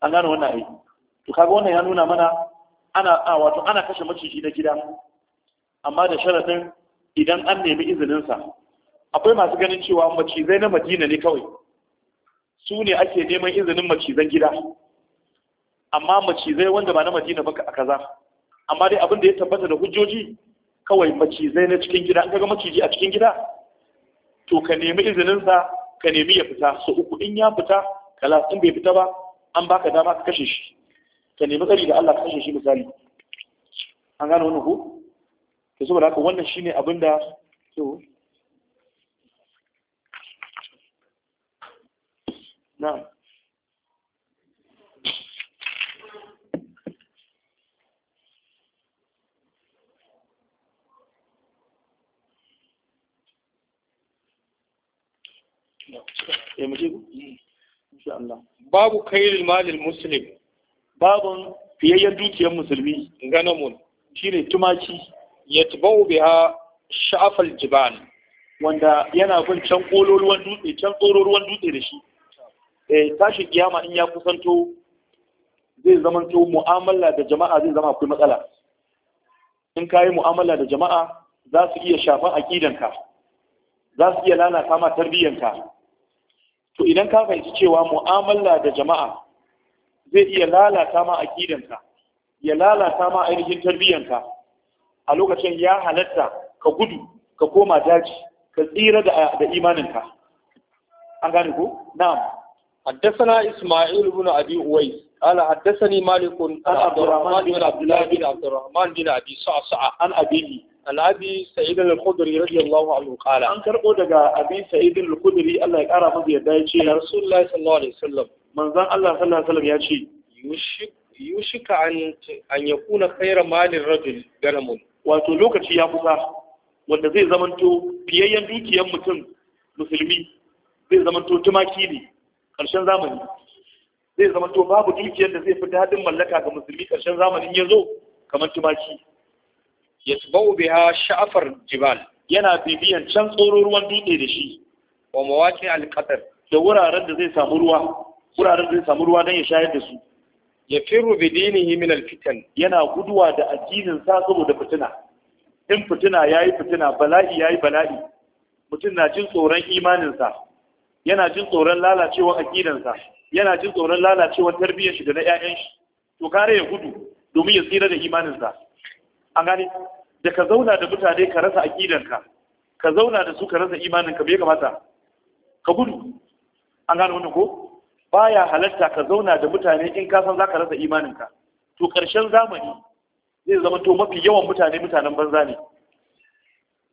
an gane wannan aiki to kaga wannan ya nuna mana ana a wato ana kashe maciji na gida amma da sharaɗin idan an nemi izininsa akwai masu ganin cewa macizai na madina ne kawai su ne ake neman izinin macizan gida amma macizai wanda ba na madina ba a kaza amma dai abin da ya tabbata da hujjoji kawai macizai na cikin gida an kaga maciji a cikin gida to ka nemi izininsa ka nemi ya fita so uku in ya fita kala in bai fita ba an baka dama ka kashe shi ka nemi tsari da Allah ka kashe shi misali an gano wani ku to saboda haka wannan shine abin da to na eh, babu kairin malil muslim babun fiyayyen dukiyar musulmi ganamun shine tumaki yatbau biya sha'afal Jiban, wanda yana bin can ƙololuwan dutse can tsororuwan dutse da shi eh tashi kiyama in ya kusanto zai to mu'amala da jama'a zai zama akwai matsala in kayi mu'amala da jama'a za su iya shafan aqidanka za su iya lalata ma tarbiyyanka to idan ka fahimci cewa mu'amala da jama'a zai iya lalata ma ka, ya lalata ma ainihin tarbiyyanka a lokacin ya halatta ka gudu ka koma daji ka tsira da imaninka an gane ko na'am حدثنا إسماعيل بن أبي أويس قال حدثني مالك Abdullahi, عبد الرحمن بن Abdullahi, الله بن عبد الرحمن بن أبي an abi sa'id al-khudri radiyallahu anhu qala an karbo daga abi sa'id al Allah ya kara masa yadda ya ce rasulullahi sallallahu alaihi wasallam manzon Allah sallallahu alaihi wasallam ya ce yushika an an yakuna khayra malin rajul ganamun wato lokaci ya kusa wanda zai zamanto fiyayyen dukiyar mutum musulmi zai zamanto tumaki ne karshen zamani zai zamanto babu dukiyar da zai fi daɗin mallaka ga musulmi karshen zamanin ya zo kamar tumaki Ya yatba'u biha sha'afar jibal yana bibiyan can tsororuwan ruwan dutse da shi wa mawaqi alƙatar da wuraren da zai samu ruwa wuraren da zai samu ruwa don ya shayar da su ya fi bi dinihi min al-fitan yana guduwa da addinin sa saboda fitina in fitina yayi fitina bala'i yayi bala'i mutum na jin tsoron imaninsa yana jin tsoron lalacewar aqidansa yana jin tsoron lalacewar tarbiyyar shi da na 'ya'yan shi to kare ya gudu domin ya tsira da imaninsa an gane da ka zauna da mutane ka rasa aƙidanka ka zauna da su ka rasa imaninka bai kamata ka gudu an gane wani ko baya halatta ka zauna da mutane in ka san za ka rasa imaninka to ƙarshen zamani zai zama to mafi yawan mutane mutanen banza ne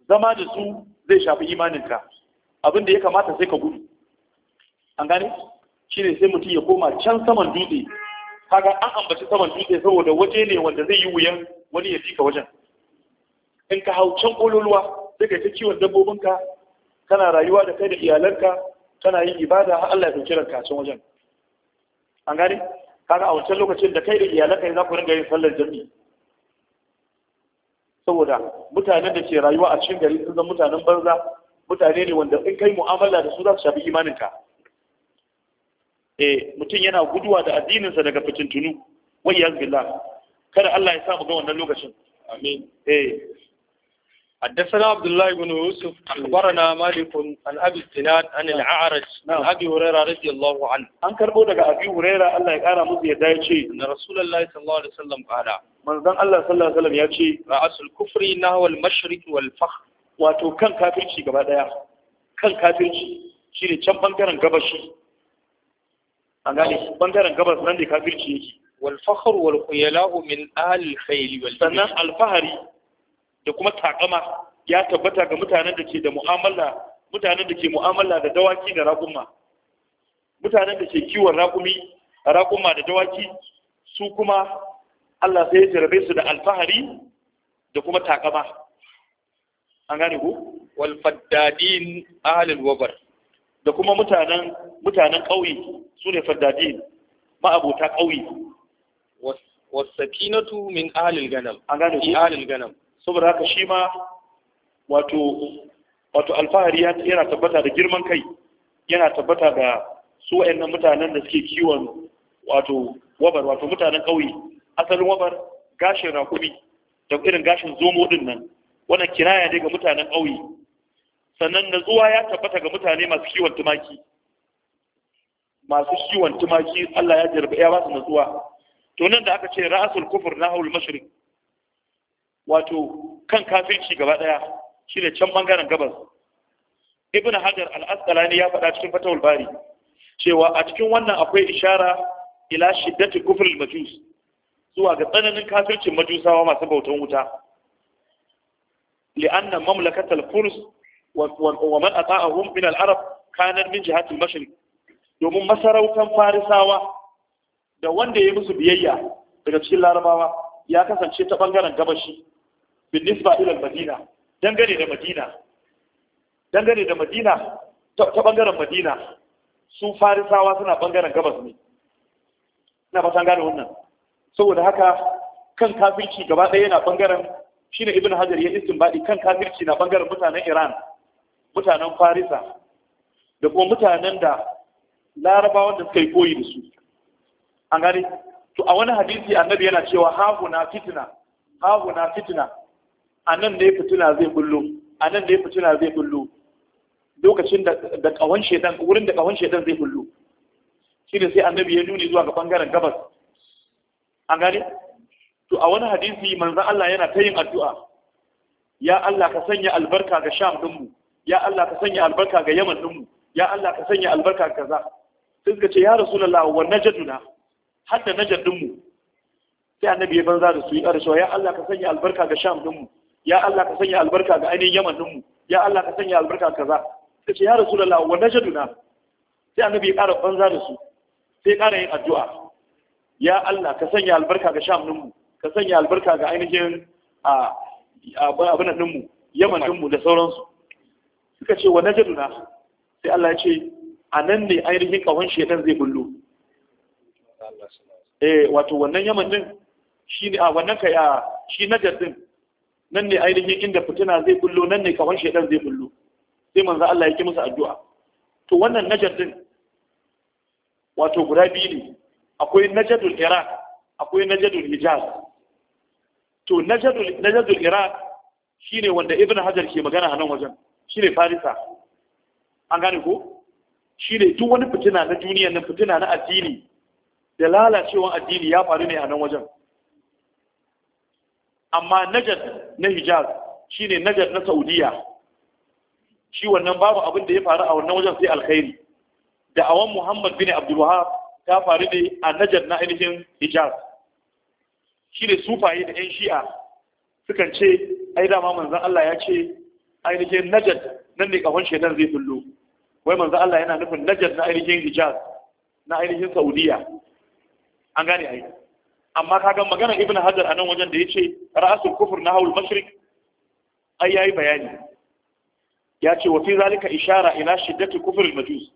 zama da su zai shafi imaninka abin da ya kamata sai ka gudu an gane shine sai mutum ya koma can saman dutse kaga an ambaci saman dutse saboda waje ne wanda zai yi wuyan wani ya ka wajen in ka hau can kololuwa daga ta kiwon dabbobinka kana rayuwa da kai da iyalanka kana yin ibada har Allah ya fi ranka can wajen an gane kaga a wancan lokacin da kai da iyalanka za ku ringa yin sallar jami'i saboda mutanen da ke rayuwa a cikin gari sun zama mutanen banza mutane ne wanda in kai mu'amala da su za su shafi imaninka Eh, mutum yana guduwa da addininsa daga fitintunu wai ya zilla kada Allah ya samu ga wannan lokacin amin eh حدثنا عبد الله بن يوسف اخبرنا مالك عن ابي الزناد عن الاعرج عن ابي هريره رضي an karbo daga abi huraira Allah ya kara musu yadda ya ce na rasulullahi sallallahu alaihi wasallam qala manzon Allah sallallahu alaihi wasallam ya ce ra'asul kufri nahwa al-mashriq wal fakhr wato kan kafirci gaba daya kan kafirci shine can bangaren gabashi an gane bangaren gabas nan da kafirci yake wal fakhr wal khuyala'u min ahli khayl wal sannan alfahari da kuma takama ya tabbata ga mutanen da ke da mu'amala mutanen da ke mu'amala da dawaki da raƙuma mutanen da ke kiwon raƙumi raƙuma da dawaki su kuma Allah sai ya jarabe su da alfahari da kuma takama an gane ku wal faddadin ahlul wabar da kuma mutanen mutanen ƙauye su ne faddadin ma'abota ƙauye wasakinatu min ahlil ganam an gane shi ahlil ganam saboda haka shi ma wato wato alfahari yana tabbata da girman kai yana tabbata da su wayannan mutanen da suke kiwon wato wabar wato mutanen ƙauye asalin wabar gashin rakumi da irin gashin zomo din nan wannan kiraya ne ga mutanen ƙauye sannan natsuwa ya tabbata ga mutane masu kiwon tumaki masu kiwon tumaki Allah ya jarba ya basu su to nan da aka ce ra'asul kufur na haul mashriq wato kan kafirci gaba daya shine can bangaren gabas ibn hajar al-asqalani ya faɗa cikin fatawul bari cewa a cikin wannan akwai ishara ila shiddati al majus zuwa ga tsananin kafircin majusawa masu bautan wuta li'anna mamlakatul furs wa man ata'ahum min al-arab kanar min jihatul mashriq domin masarautan farisawa da wanda ya musu biyayya daga cikin larabawa ya kasance ta bangaren gabashi bin nisba ila madina dangane da madina dangane da madina ta bangaren madina su farisawa suna bangaren gabas ne ina fatan gane wannan saboda haka kan kafirci gaba ɗaya yana bangaren shine ibn hajar ya istinbadi kan kafirci na bangaren mutanen iran mutanen farisa da kuma mutanen da larabawan da suka yi koyi da su an gani to a wani hadisi annabi yana cewa na fitina na fitina a nan ne fitina zai bullo a nan ne fitina zai bullo lokacin da kawon shedan wurin da kawon shedan zai bullo ne sai annabi ya nuni zuwa ga bangaren gabas an gani to a wani hadisi manzan Allah yana ta yin addu'a ya Allah ka sanya albarka ga sham dinmu ya Allah ka sanya albarka ga Yaman dinmu ya Allah ka sanya albarka kaza sai suka ce ya rasulullah wa najaduna har da najad dinmu, sai annabi ya banza da su yi ƙarshe ya Allah ka sanya albarka ga Sham dinmu ya Allah ka sanya albarka ga ainihin Yaman dinmu ya Allah ka sanya albarka kaza sai ce ya rasulullah wa najaduna sai annabi ya ƙara banza da su sai ƙara yin addu'a ya Allah ka sanya albarka ga Sham dinmu ka sanya albarka ga ainihin a abin dinmu Yaman dinmu da sauransu suka ce wa na sai Allah ce a nan ne ainihin kawon shedan zai bullo eh wato wannan yaman din shi ne a wannan kai a shi najar din nan ne ainihin inda fitina zai bullo nan ne kawon shedan zai bullo sai manzo Allah ya ki musu addu'a to wannan najar din wato guda biyu ne akwai najadul iraq akwai najadul hijaz to najadul najadul iraq shine wanda ibn hajar ke magana a nan wajen shi ne farisa an gane ko shi ne duk wani fitina na duniya na fitina na addini da lalacewan addini ya faru ne a nan wajen amma najad na hijaz shi ne najad na saudiya shi wannan babu abin da ya faru a wannan wajen sai alkhairi da awan muhammad bin abdulwahab ta faru ne a najar na ainihin hijaz shi ne sufaye da 'yan shi'a sukan ce ai dama manzon allah ya ce ainihin najad nan ne kafin shaitan zai fullo wai manzo Allah yana nufin najad na ainihin hijaz na ainihin saudiya an gane ai amma kaga magana ibn hajar a nan wajen da yace ra'asul kufr na hawul mashriq ai yayi bayani ya ce wa fi zalika ishara ila shiddati kufr al majus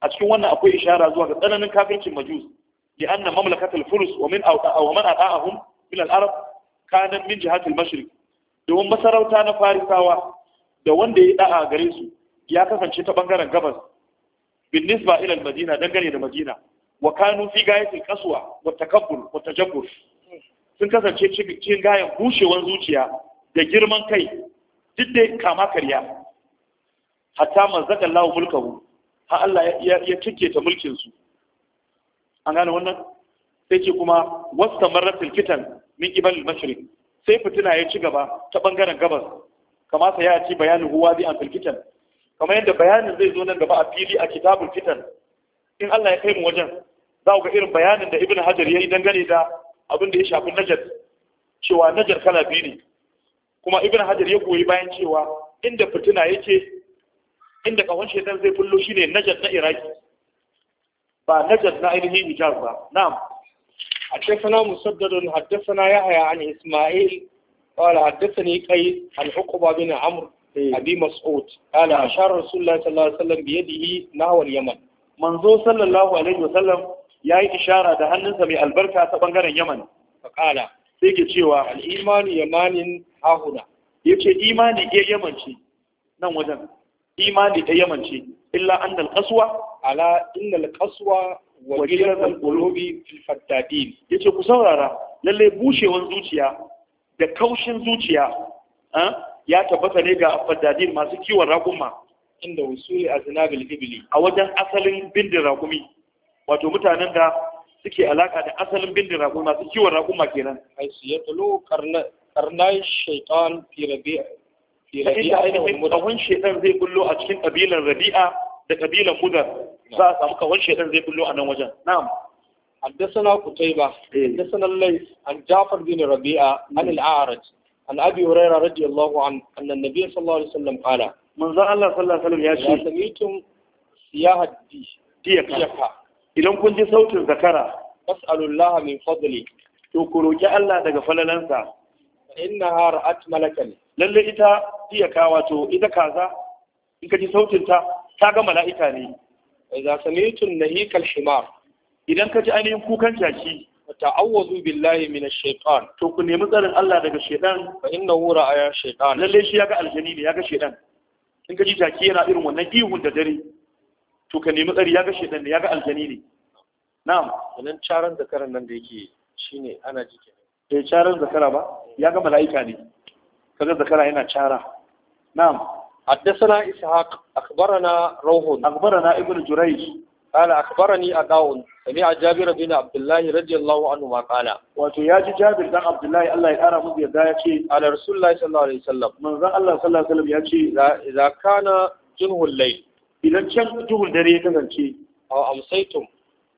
a cikin wannan akwai ishara zuwa ga tsananin kafircin majus li anna mamlakat al furs wa min aw man ata'ahum ila al arab kana min jihat al mashriq domin masarauta na farisawa da wanda ya da'a gare su ya kasance ta bangaren gabas bin nisba ila madina dangane da madina wa kanu fi gayatil qaswa wa takabbur wa tajabbur sun kasance cikin gayan bushewar zuciya da girman kai duk da kama karya hatta manzaka Allahu mulkahu ha Allah ya cike ta mulkin su an gane wannan sai ce kuma wasta marratil kitan min ibal mashriq sai fitina ya ci gaba ta bangaren gabas kama sai ya ci bayanin huwa bi an filkitan kamar yadda bayanin zai zo nan gaba a fili a kitabul fitan in Allah ya kai mu wajen za ku ga irin bayanin da ibn hajar ya yi dangane da abin da ya shafi najar cewa najar kala biyu ne kuma ibn hajar ya goyi bayan cewa inda fitina yake inda kawon shaitan zai fullo shine najar na iraki ba najar na ainihin hijaz ba na'am حدثنا مسدد حدثنا يحيى عن اسماعيل قال حدثني قيس عن عقبه بن عمرو ابي مسعود قال اشار رسول الله صلى الله عليه وسلم بيده نحو اليمن منذ صلى الله عليه وسلم يا اشاره ده هنن سمي البركه ta bangaren Yaman فقال sai cewa al iman yamanin hahuna yace imani ke Yaman ce nan wajen imani ta Yaman ce illa an dal qaswa ala inna al qaswa wa gilal qulubi fi fattadin yace ku saurara lallai bushewan zuciya da kaushin zuciya ya tabbata ne ga fadadin masu kiwon raƙuma inda wasuli a zinabil ibili a wajen asalin bindin raƙumi wato mutanen da suke alaka da asalin bindin raƙumi masu kiwon raƙuma kenan ai su ya tulo karnai shaitan fi rabi'a fi rabi'a ainihin kawon shaitan zai bullo a cikin kabilan rabi'a da kabilan mudar za a samu kawon shaitan zai bullo a nan wajen na'am حدثنا قتيبة حدثنا الليث عن جعفر بن ربيعة عن الأعرج عن أبي هريرة رضي الله عنه أن النبي صلى الله عليه وسلم قال من ذا الله صلى الله عليه وسلم يا شيخ سميتم سياحة دي ديكا إذا كنت صوت الذكرى فاسألوا الله من فضله to ku roƙi Allah daga falalansa inna har at malakan lalle ita iyaka wato ita kaza in ka ji sautin ta ta ga mala'ika ne idza sami'tum nahikal himar idan ka ji ainihin kukan jaki ta'awwazu billahi minash shaitan to ku nemi tsarin Allah daga shaitan fa wura ya shaitan lalle shi yaga aljani ne yaga shaitan in ka ji jaki yana irin wannan ihun da dare to ka nemi tsari yaga shaitan ne yaga aljani ne na'am wannan charan zakaran nan da yake shine ana ji kenan eh charan zakara ba yaga mala'ika ne kaga zakara yana chara na'am حدثنا إسحاق أخبرنا روح أخبرنا ابن جريج قال أخبرني أداون سمع جابر بن عبد الله رضي الله عنه قال wato ya ji Jabir dan Abdullahi Allah ya kara musu yadda ya ce ala Rasulullahi sallallahu alaihi wasallam Allah sallallahu alaihi ya ce idza kana junhul layl idan can duhun dare ya kasance aw amsaytum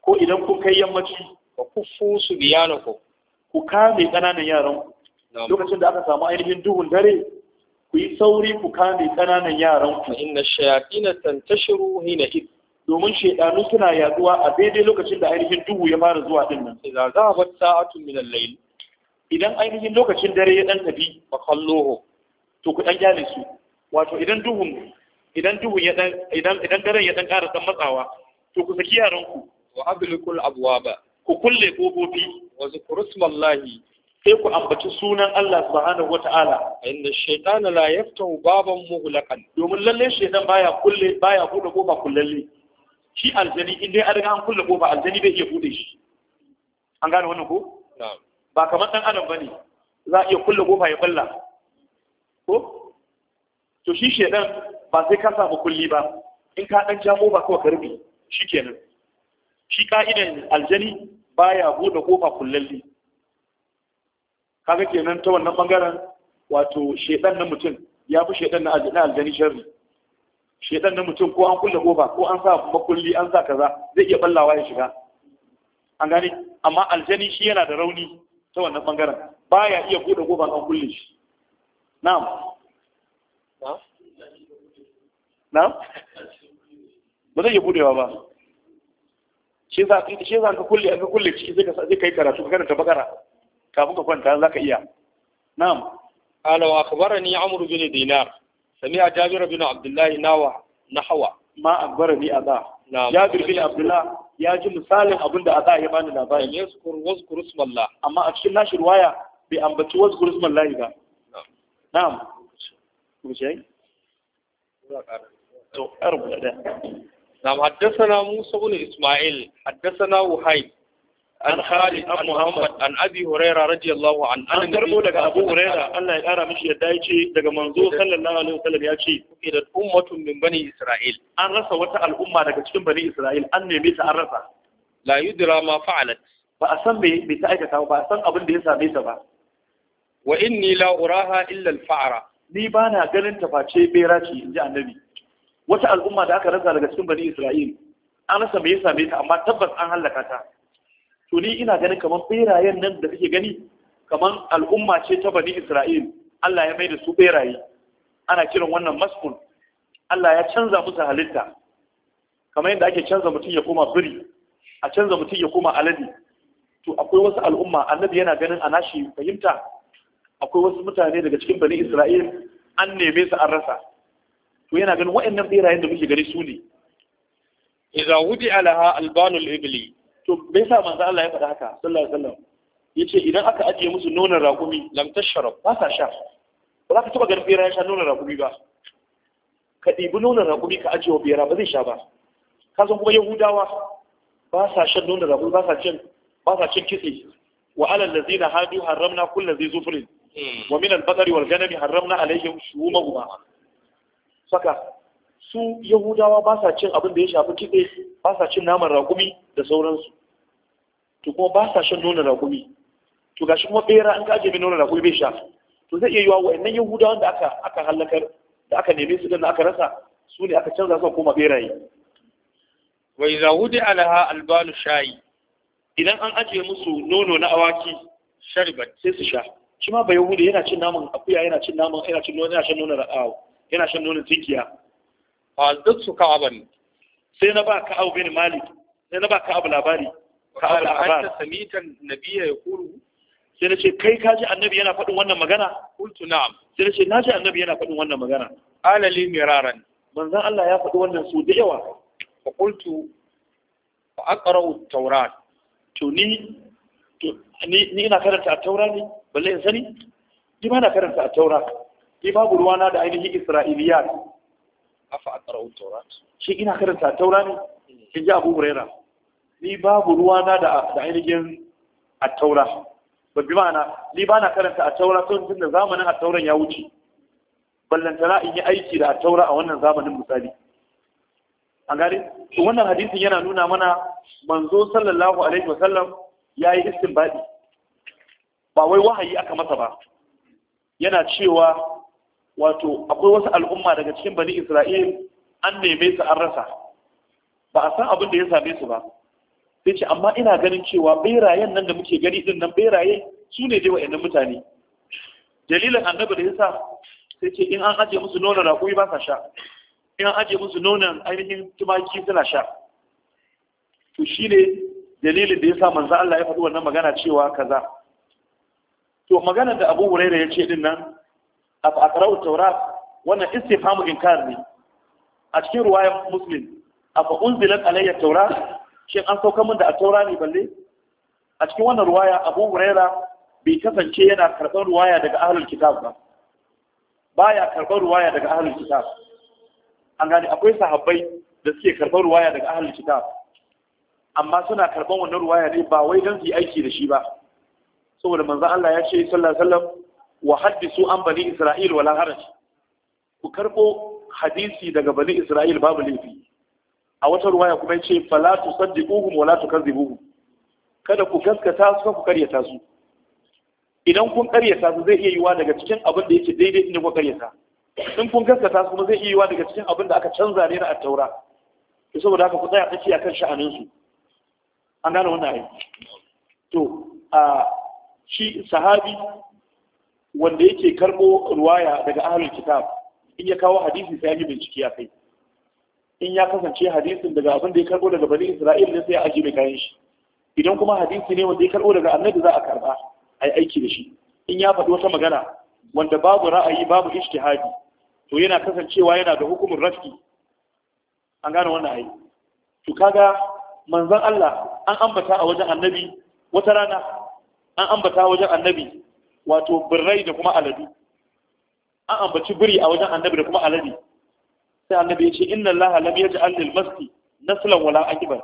ko idan kun kai yammaci ku kuffu su biyanaku ku kame ƙananan yaran lokacin da aka samu ainihin duhun dare ku yi sauri ku kame ƙananan yaran ku inna shayatin tantashiru hina id domin shaidanu suna yaduwa a daidai lokacin da ainihin duhu ya fara zuwa din nan idza zahabat sa'atun min al-layl idan ainihin lokacin dare ya dan tafi fa kalluhu to ku dan gyale su wato idan duhun idan duhun ya dan idan idan daren ya dan ƙara dan matsawa to ku saki yaran ku wa ablikul abwaba ku kulle kofofi wa zikrusmallahi sai ku ambaci sunan Allah subhanahu wata'ala inda shaytana la yaftahu baban mughlaqan domin lalle shaytan baya kulle baya bude kofa kullalle shi aljani in dai an riga an kulle kofa aljani bai iya bude shi an gane wannan ko ba kamar dan adam bane za a iya kulle kofa ya balla ko to shi shedan ba sai ka samu kulli ba in ka dan jamo ba kawai karbi shikenan shi ka'idan aljani baya bude kofa kullalli kaga kenan ta wannan bangaren wato shedan na mutum ya fi shedan na aljani sharri shedan na mutum ko an kulle kofa ko an sa makulli an sa kaza zai iya ballawa ya shiga an gane amma aljani shi yana da rauni ta wannan bangaren baya iya bude kofar an kulle shi na'am na'am ba zai iya budewa ba shi za ka shi za ka kulle an ka kulle ciki zai ka zai kai karatu ka karanta bakara kafin ka kwanta za ka iya na'am qala wa akhbarani amr bin dinar سمع جابر بن عبد الله ناوى نحوى ما أخبرني أبا نعم جابر بن عبد الله يا جي مثال أبن دا أبا يبان الأبا يذكر واذكر اسم الله أما أكشن ناش رواية بأنبت واذكر اسم الله إذا نعم نعم وجاي نعم حدثنا موسى بن إسماعيل حدثنا وهيب an khali an Muhammad an Abi Huraira radiyallahu an an karbo daga Abu Huraira Allah ya kara mishi yadda ya ce daga manzo sallallahu alaihi wasallam ya ce idan ummatun min bani Isra'il an rasa wata al'umma daga cikin bani Isra'il an neme ta an rasa la yudra ma fa'alat ba a san me ta aikata ba a san abin da ya same ta ba wa inni la uraha illa al-fa'ra ni ba na ganin ta face bera ce inji annabi wata al'umma da aka rasa daga cikin bani Isra'il an rasa me ya same ta amma tabbas an halaka ta to ni ina ganin kamar berayen nan da suke gani kamar al'umma ce ta bani Isra'il Allah ya mai da su beraye ana kiran wannan maskun Allah ya canza musu halitta kamar yadda ake canza mutum ya koma biri a canza mutum ya koma alade to akwai wasu al'umma annabi yana ganin a nashi fahimta akwai wasu mutane daga cikin bani Isra'il an neme su an rasa to yana ganin waɗannan berayen da muke gani su ne idza wudi alaha albanul ibli to me yasa manzo Allah ya faɗa haka sallallahu alaihi wasallam yace idan aka ajiye musu nonon rakumi lam tashrab ba sa sha ba za ka taba ganin bera ya sha nonon rakumi ba ka ɗibi nonon rakumi ka ajiye wa bera ba zai sha ba ka san kuma yahudawa ba sa shan nonon rakumi ba sa cin ba sa cin kitse wa alal ladzina hadu harramna kullu dhi zufrin hmm. wa min al-baqari wal ghanami harramna alaihim shuhumahuma saka su yahudawa ba sa cin abin da ya shafi kitse ba sa cin naman rakumi da sauransu to kuma ba sa shan nonon rakumi to gashi kuma bera an kaje mai nonon rakumi bai sha to zai iya yiwa wa'annan yahudawan da aka aka halakar da aka neme su da aka rasa su ne aka canza su koma beraye wa idza hudi alaha albanu shayi idan an ajiye musu nono na awaki sharibat sai su sha shi ma ba yahudi yana cin naman akuya yana cin naman yana cin nono yana shan nono ah, yana shan nono tikiya qal duk su ka'aban sai na ba ka'ab bin malik sai na ba ka'ab labari ka'ab labari samitan nabiyya yaqulu sai na ce kai ka ji annabi yana faɗin wannan magana qultu na'am sai na ce na ji annabi yana faɗin wannan magana qala li miraran manzon Allah ya faɗi wannan su da yawa fa qultu fa aqra'u at-taurat to ni ni ina karanta a taura ne balle in sani ni ba na karanta a taura ni babu ruwana da ainihin isra'iliyat afa a aqra'u taura. shi ina karanta taura ne in ji Abu Huraira ni babu ruwana da da ainihin a taura ba bi ma'ana ni ba na karanta a taura sun tun da zamanin a tauran ya wuce ballantana in yi aiki da a taura a wannan zamanin misali A gane wannan hadisin yana nuna mana manzo sallallahu alaihi wasallam yayi istinbadi ba wai wahayi aka masa ba yana cewa wato akwai wasu al'umma daga cikin bani isra'il an neme su an rasa ba a san abin da ya same su ba sai ce amma ina ganin cewa berayen nan da muke gani din nan beraye su ne dai wa'annan mutane dalilin annabi da yasa sai ce in an aje musu nonon raƙumi ba sa sha in an aje musu nonon ainihin tumaki suna sha to shi ne dalilin da yasa manzo Allah ya faɗi wannan magana cewa kaza to magana da Abu Hurairah ya ce din nan a qara'u tawrat wannan istifhamu inkar ne a cikin ruwayar muslim afa unzilat alayya taura, shin an sauka min da a taura ne balle a cikin wannan ruwaya Abu Huraira bai kasance yana karɓar ruwaya daga ahlul kitab ba baya karɓar ruwaya daga ahlul kitab an gani akwai sahabbai da suke karɓar ruwaya daga ahlul kitab amma suna karɓar wannan ruwaya ne ba wai don su yi aiki da shi ba saboda manzon Allah ya ce sallallahu alaihi wasallam wa haddisu an bani isra'il wala haraj ku karbo hadisi daga bani isra'il babu laifi a wata ruwaya kuma yace fala tusaddiquhum wala tukazzibuhum kada ku gaskata su ku karyata su idan kun karyata su zai iya yiwa daga cikin abin da yake daidai ne ku karyata in kun gaskata su kuma zai iya yiwa daga cikin abin da aka canza ne na at-taura to saboda haka ku tsaya tsakiya akan sha'anin su an gane wannan ayi to a shi sahabi wanda yake karbo ruwaya daga ahlul kitab in ya kawo hadisi sai ya yi bincike a kai in ya kasance hadisin daga abin da ya karbo daga bani isra'il ne sai ya ajiye kayan shi idan kuma hadisi ne wanda ya karbo daga annabi za a karba a aiki da shi in ya faɗi wata magana wanda babu ra'ayi babu ijtihadi to yana kasancewa yana da hukumin rafi an gane wannan ai to kaga manzon Allah an ambata a wajen annabi wata rana an ambata wajen annabi wato birrai da kuma aladu an ambaci biri a wajen annabi da kuma aladi sai annabi ya ce inna Allah lam yaj'al lil masti naslan wala akbar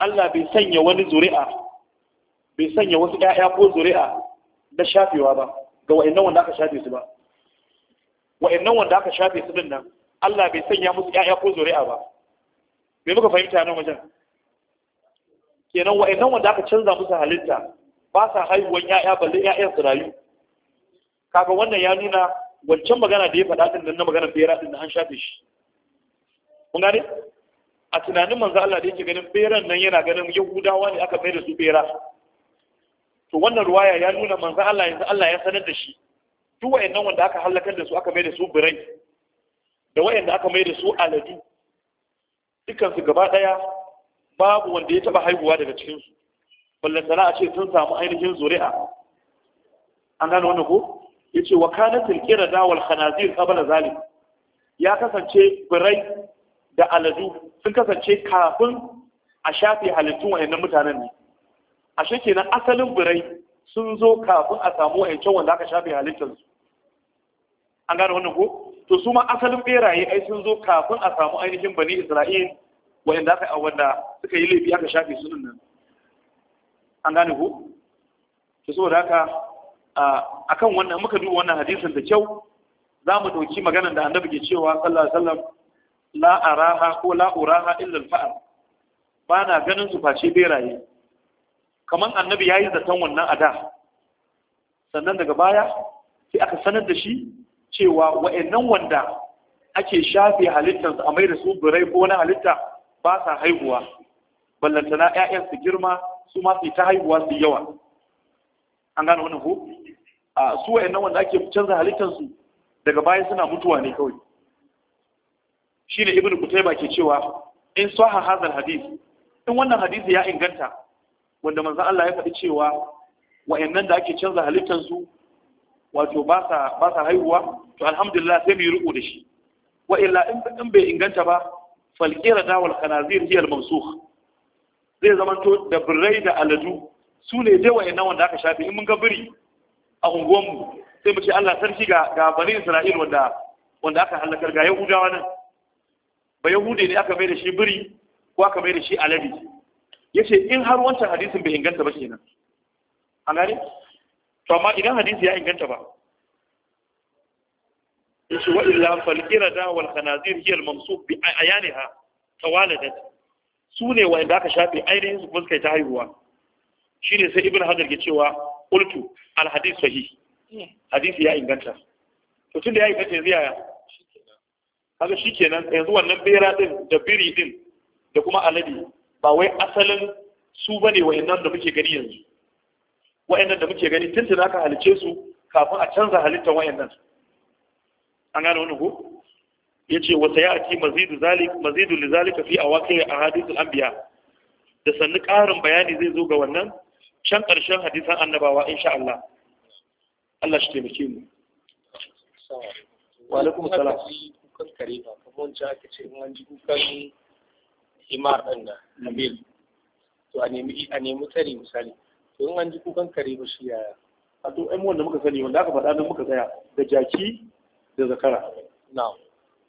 Allah bai sanya wani zuri'a bai sanya wasu ƴaƴa ko zuri'a na shafewa ba ga wa'annan wanda aka shafe su ba wa'annan wanda aka shafe su dinnan Allah bai sanya musu ƴaƴa ko zuri'a ba bai muka fahimta nan wajen kenan wa'annan wanda aka canza musu halitta ba sa haihuwan ya'ya balle ya'yan su rayu kaga wannan ya nuna wancan magana da ya faɗa din nan na magana bera din an shafe shi kun gane a tunanin manzo Allah da yake ganin beran nan yana ganin yahudawa ne aka mai da su bera to wannan ruwaya ya nuna manzo Allah yanzu Allah ya sanar da shi duk wayannan wanda aka halakar da su aka mai da su birai da wayanda aka mai da su aladu dukkan su gaba daya babu wanda ya taba haihuwa daga cikin su ballantana a ce sun samu ainihin zuri'a an gane wani ko ya ce wa kanatin kira dawal khanazir kabala zalim ya kasance birai da aladu sun kasance kafin a shafe halittun wayannan mutanen ne ashe kenan asalin birai sun zo kafin a samu wayancan wanda aka shafe halittunsu? an gane wani ko to su ma asalin beraye ai sun zo kafin a samu ainihin bani isra'il wayanda aka wanda suka yi laifi aka shafe su nan an gane ku to saboda haka akan wannan muka duba wannan hadisin da kyau za mu ɗauki maganar da annabi ke cewa sallallahu alaihi wasallam la araha ko la uraha illa al-fa'r ba na ganin su face beraye kaman annabi yayi zaton wannan ada sannan daga baya sai aka sanar da shi cewa wa'annan wanda ake shafe halittarsu a mai da su birai ko wani halitta ba sa haihuwa ballantana 'ya'yan su girma su ma su ta haihuwa su yawa an gane wannan ko a su nan wanda ake canza halittar daga baya suna mutuwa ne kawai Shi shine ibnu Kutaiba ke cewa in sahha hadal hadith in wannan hadisi ya inganta wanda manzon Allah ya faɗi cewa nan da ake canza halittar su wato ba sa haihuwa to alhamdulillah sai mu yi riko da shi wa illa in bai inganta ba Falƙera da wal khanazir hiya al mansukh zai to da birrai da aladu su ne dai wa'annan wanda aka shafe in mun ga biri a unguwanmu sai mu ce Allah sarki ga ga bani Isra'il wanda wanda aka halakar ga Yahudawa nan ba Yahude ne aka mai da shi biri ko aka mai da shi alade yace in har wancan hadisin bai inganta ba kenan an gane to amma idan hadisi ya inganta ba yace wa illa fal irada wal khanazir hiya al mansub bi ayaniha tawaladat su ne wanda aka shafe ainihin su fuskai ta haihuwa Shi ne sai ibn hajar ke cewa qultu Alhadis hadith sahih hadisi ya inganta to tunda ya inganta yanzu yaya kaga shikenan yanzu wannan bera din da biri din da kuma alade ba wai asalin su ba ne wayannan da muke gani yanzu wayannan da muke gani tun da aka halice su kafin a canza halittar wayannan an gane wani ko yace wa sayati mazidu zalik mazidu lizalika fi awaqi ahadith al-anbiya da sannu ƙarin bayani zai zo ga wannan can ƙarshen hadisan annabawa insha Allah Allah shi taimake mu wa alaikum salam kukan kare ba kamar wancan aka ce ina ji kukan himar din da nabil to a nemi a nemi tare misali to in an ji kukan kare ba shi yaya a to ai mu wanda muka sani wanda aka faɗa nan muka tsaya da jaki da zakara na'am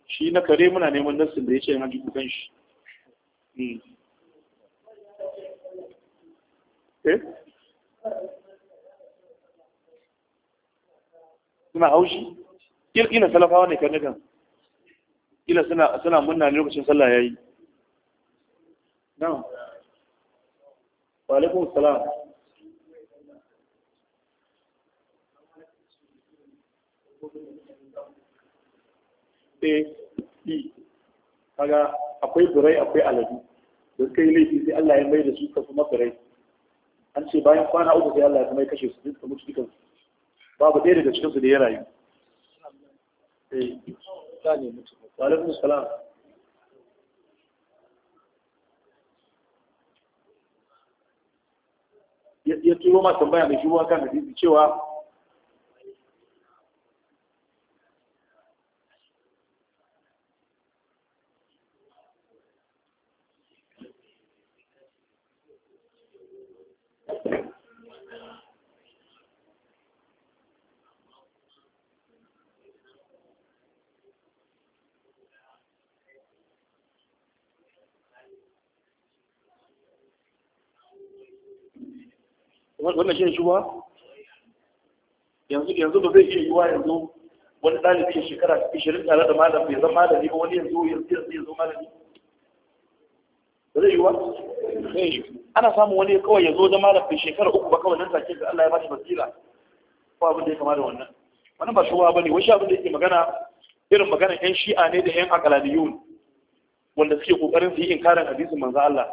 shi na kare muna neman nassin da ya ce an ji kukan shi hmm. eh? suna haushi ƙila salafawa ne kan nukan ƙila suna munna ne lokacin sallah ya yi nan walekun salam eh fi kaga akwai burai akwai aladu da suka yi laifi sai Allah ya mai da su ka kuma birai an ce bayan kwana uku sai Allah ya mai kashe su suka mutu dukan babu ɗaya daga cikin su da ya rayu eh. alaikum salam ya turo ma tambaya mai shigo kan hadisi cewa shi ya yanzu yanzu ba zai iya yiwa yanzu wani ɗalibi ya shekara 20 tare da malam bai zama malami ba wani yanzu yanzu yanzu yanzu malami ba zai yiwa ana samun wani kawai ya zo da malam bai shekara uku ba kawai nan take ga Allah ya bashi basira ko abin da ya kama da wannan wannan ba shuwa bane wani abin da yake magana irin magana ƴan shi'a ne da ƴan akalaniyun wanda suke kokarin su yi inkarin hadisin manzo Allah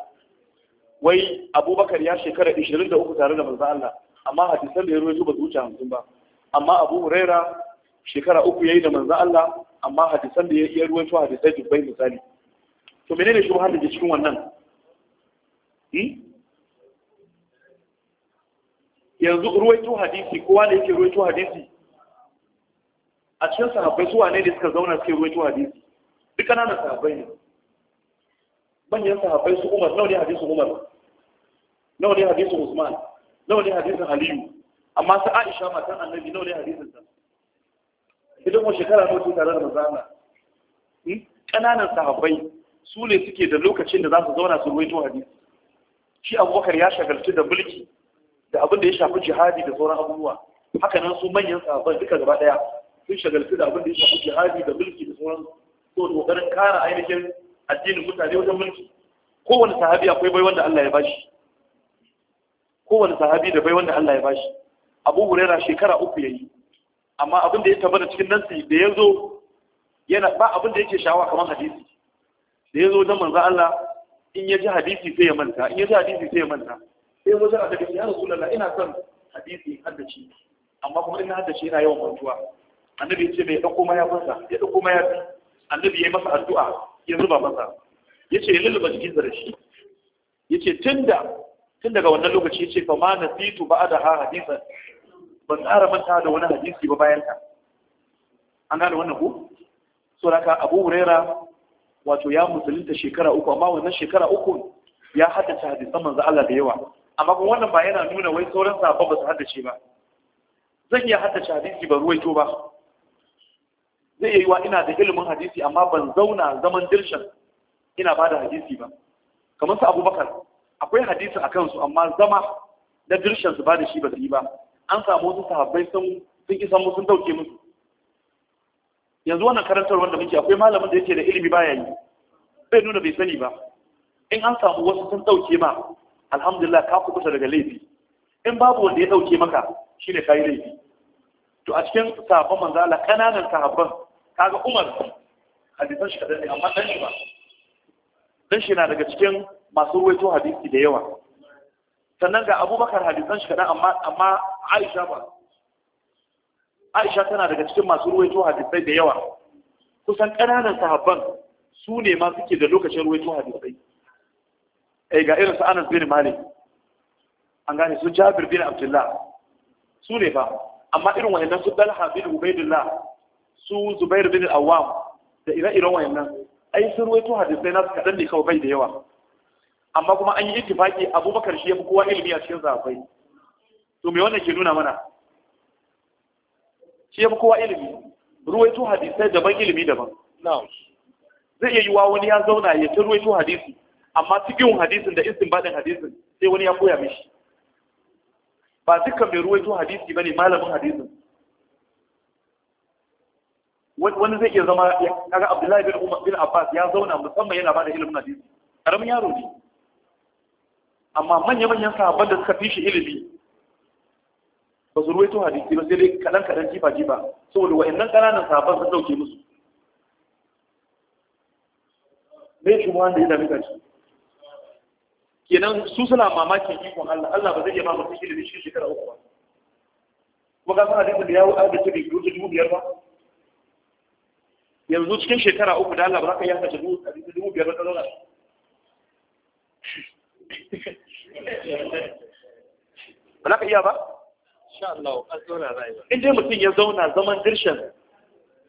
wai abubakar ya shekara 23 tare da manzo Allah amma hadisan da ya rawaito ba su wuce 50 ba amma abu huraira shekara uku yi da manzo Allah amma hadisan da ya rawaito hadisai dubbai misali to menene shubhar da ke cikin wannan hmm? yanzu ruwaito hadisi kowa ne yake ruwaito hadisi a cikin sahabbai su wane ne suka zauna suke ruwaito hadisi duk kananan sahabbai ne manyan sahabbai su umar nawa ne hadisin umar nawa ne hadisin usman nawa ne hadisin aliyu amma su aisha matan annabi nawa ne hadisin ta idan mu shekara nawa ce tare da manzana hmm? ƙananan sahabbai su ne suke da lokacin da za su zauna su ruwaito hadisi shi abubakar ya shagaltu da mulki da abin da ya shafi jihadi da sauran abubuwa haka nan su manyan sahabbai duka gaba daya sun shagaltu da abin da ya shafi jihadi da mulki da sauran so kokarin kara ainihin addinin mutane wajen mulki kowane sahabi akwai bai wanda Allah ya bashi kowane sahabi da bai wanda Allah ya bashi Abu Huraira shekara uku yayi amma abin da ya tabbata cikin nan sai da yazo yana ba abin da yake shawa kamar hadisi da yazo dan manzo Allah in ya ji hadisi sai ya manta in ya ji hadisi sai ya manta sai wajen a daga ya Rasulullah ina son hadisi haddace amma kuma ina haddace ina yawan mantuwa annabi ya ce mai dauko ma ya fasa ya dauko ma ya annabi ya yi masa addu'a ya zuba masa ya ce ya lulluɓa jikin da shi ya ce tun daga wannan lokaci ya ce fa ma na fitu ba da ha hadisa ban tsara manta da wani hadisi ba bayan ka an gane wannan ku so da abu huraira wato ya musulunta shekara uku amma wannan shekara uku ya haddace hadisan manzo Allah da yawa amma kuma wannan ba yana nuna wai sauran sahabba ba su haddace ba zan iya haddace hadisi ba ruwaito ba zai yi wa ina da ilimin hadisi amma ban zauna zaman dirshan ina ba da hadisi ba kamar su abubakar akwai hadisi a kansu amma zama na dirshan su ba da shi ba su yi ba an samu wasu sahabbai sun isa mu sun dauke musu yanzu wannan karantar wanda muke akwai malamin da yake da ilimi baya yi bai nuna bai sani ba in an samu wasu sun dauke ma alhamdulillah ka kubuta daga laifi in babu wanda ya dauke maka shi ne ka yi laifi to a cikin sahabban manzala ƙananan sahabban kaga umar hadisan shi kadan ne amma dan shi ba dan shi na daga cikin masu ruwaito hadisi da yawa sannan ga abubakar hadisan shi kadan amma amma aisha ba aisha tana daga cikin masu ruwaito hadisai da yawa kusan ƙananan sahabban su ne ma suke da lokacin ruwaito hadisai eh ga irin su anas bin malik an gane su jabir bin abdullah su ne ba amma irin wayannan su dalha bin ubaidillah su Zubair bin Awwam da ire-iren wayannan ai sun ruwaito hadisai nasu kaɗan ne kawai bai da yawa amma kuma an yi ittifaki Abubakar shi ya fi kowa ilimi a cikin sahabbai to me wannan ke nuna mana shi ya fi kowa ilimi ruwaito hadisai daban ilimi daban na'am zai iya yiwa wani ya zauna ya ta ruwaito hadisi amma cikin hadisin da istinbadin hadisin sai wani ya koya mishi ba dukkan mai ruwaito hadisi bane malamin hadisin wani zai iya zama kaga Abdullahi bin Umar bin Abbas ya zauna musamman yana bada ilimin hadisi karamin yaro ne amma manya manyan sahabban da suka fi shi ilimi ba su ruwaito hadisi ba sai dai kadan kadan jifa jifa saboda nan kananan sahabban sun dauke musu me shi mu wanda ya dami kaci kenan su suna mamakin ikon Allah Allah ba zai iya ba mutum ilimi shi shekara uku ba kuma ka san da ya wuce da dubu biyar ba yanzu cikin shekara uku da Allah baraka ya ka dubu dubu biyar da baraka ɗaura ba za ka iya ba? in dai mutum ya zauna zaman dirshan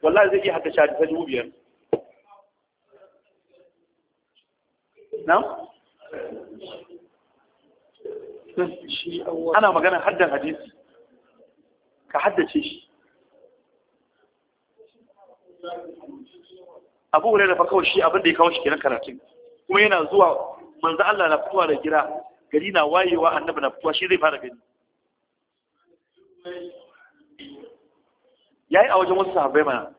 wallahi zai iya haka sha da dubu biyar na? ana magana haddan hadisi ka haddace shi abu hurairah fa kawai shi abin da ya kawo shi kenan karatun kuma yana zuwa manzo Allah na fitowa da gira gari na wayewa annabi na fitowa shi zai fara gani yayi a wajen wasu sahabbai mana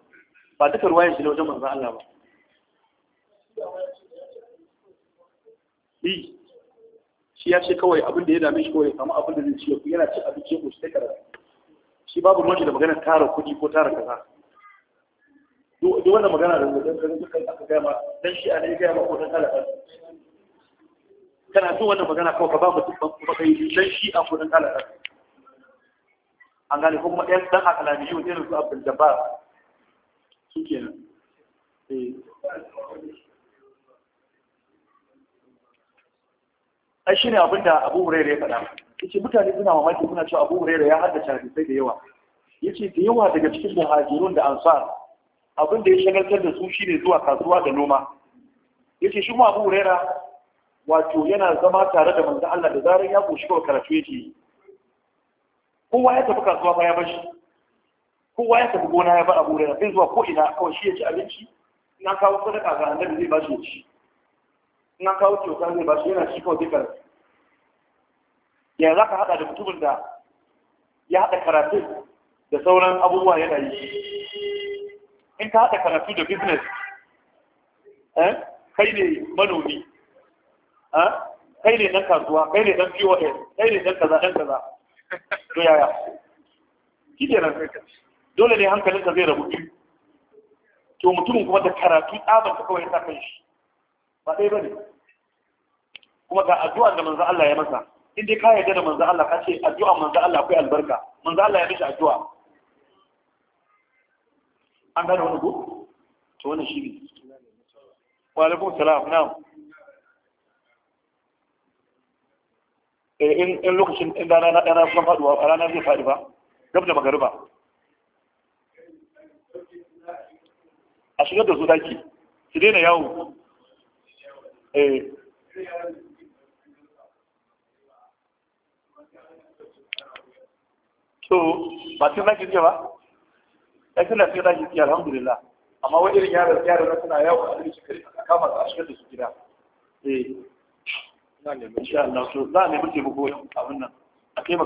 ba duka ruwayan shi ne wajen manzo Allah ba yi shi ya ce kawai abin da ya dame shi kawai samu abin da zai ce yana ci abinci ko shi ta karatu shi babu ruwan da magana tara kuɗi ko tara kaza duk wannan magana da zai kan kan aka gaya ma dan shi a ne gaya ma ko dan talaka kana jin wannan magana kawai ka ba mu dubban kuma kai dan shi a ko dan talaka an gane kuma ɗan dan akalani yau irin su Abdul Jabbar su kenan eh ai shi ne abinda Abu Hurairah ya faɗa yace mutane suna mamaki suna cewa Abu Hurairah ya haddace hadisai da yawa yace da yawa daga cikin muhajirun da ansar abin da ya shagaltar da su shi ne zuwa kasuwa da noma Ya ce shi mu Abu rera wato yana zama tare da manzan Allah da zarar ya koshi kawai karatu yake kowa ya tafi kasuwa fa ya bashi kowa ya tafi gona ya bar Abu rera bai zuwa ko ina kawai shi ya ci abinci an kawo sadaka ga annabi zai bashi ya ci an kawo kyauta zai bashi yana shi kawai dukkan yanzu za ka haɗa da mutumin da ya haɗa karatun da sauran abubuwa yana yi in ka haɗa karatu da business eh, kai ne manomi eh, kai ne ɗan kasuwa kai ne ɗan pos kai ne ɗan kaza ɗan kaza to yaya shi nan dole ne hankalinka zai rabu biyu to mutumin kuma da karatu tsaban ta kawai sa kai shi ba ɗaya ba ne kuma ga addu'a da manzo Allah ya masa in dai ka yarda da manzo Allah ka ce addu'a manzo Allah akwai albarka manzo Allah ya mishi addu'a an gane wani ko to wannan shi ne wa alaikum salam na eh, in lokacin in dana na dana kuma faduwa a ranar zai faɗi ba gab da magariba a shigar da su daki su daina yawo eh to ba sun zaki ba ai kana sai zaki ki alhamdulillah amma wai irin yaran yaran na suna yawo a cikin a kama su a shigar da su gida eh za ne muke buko abin nan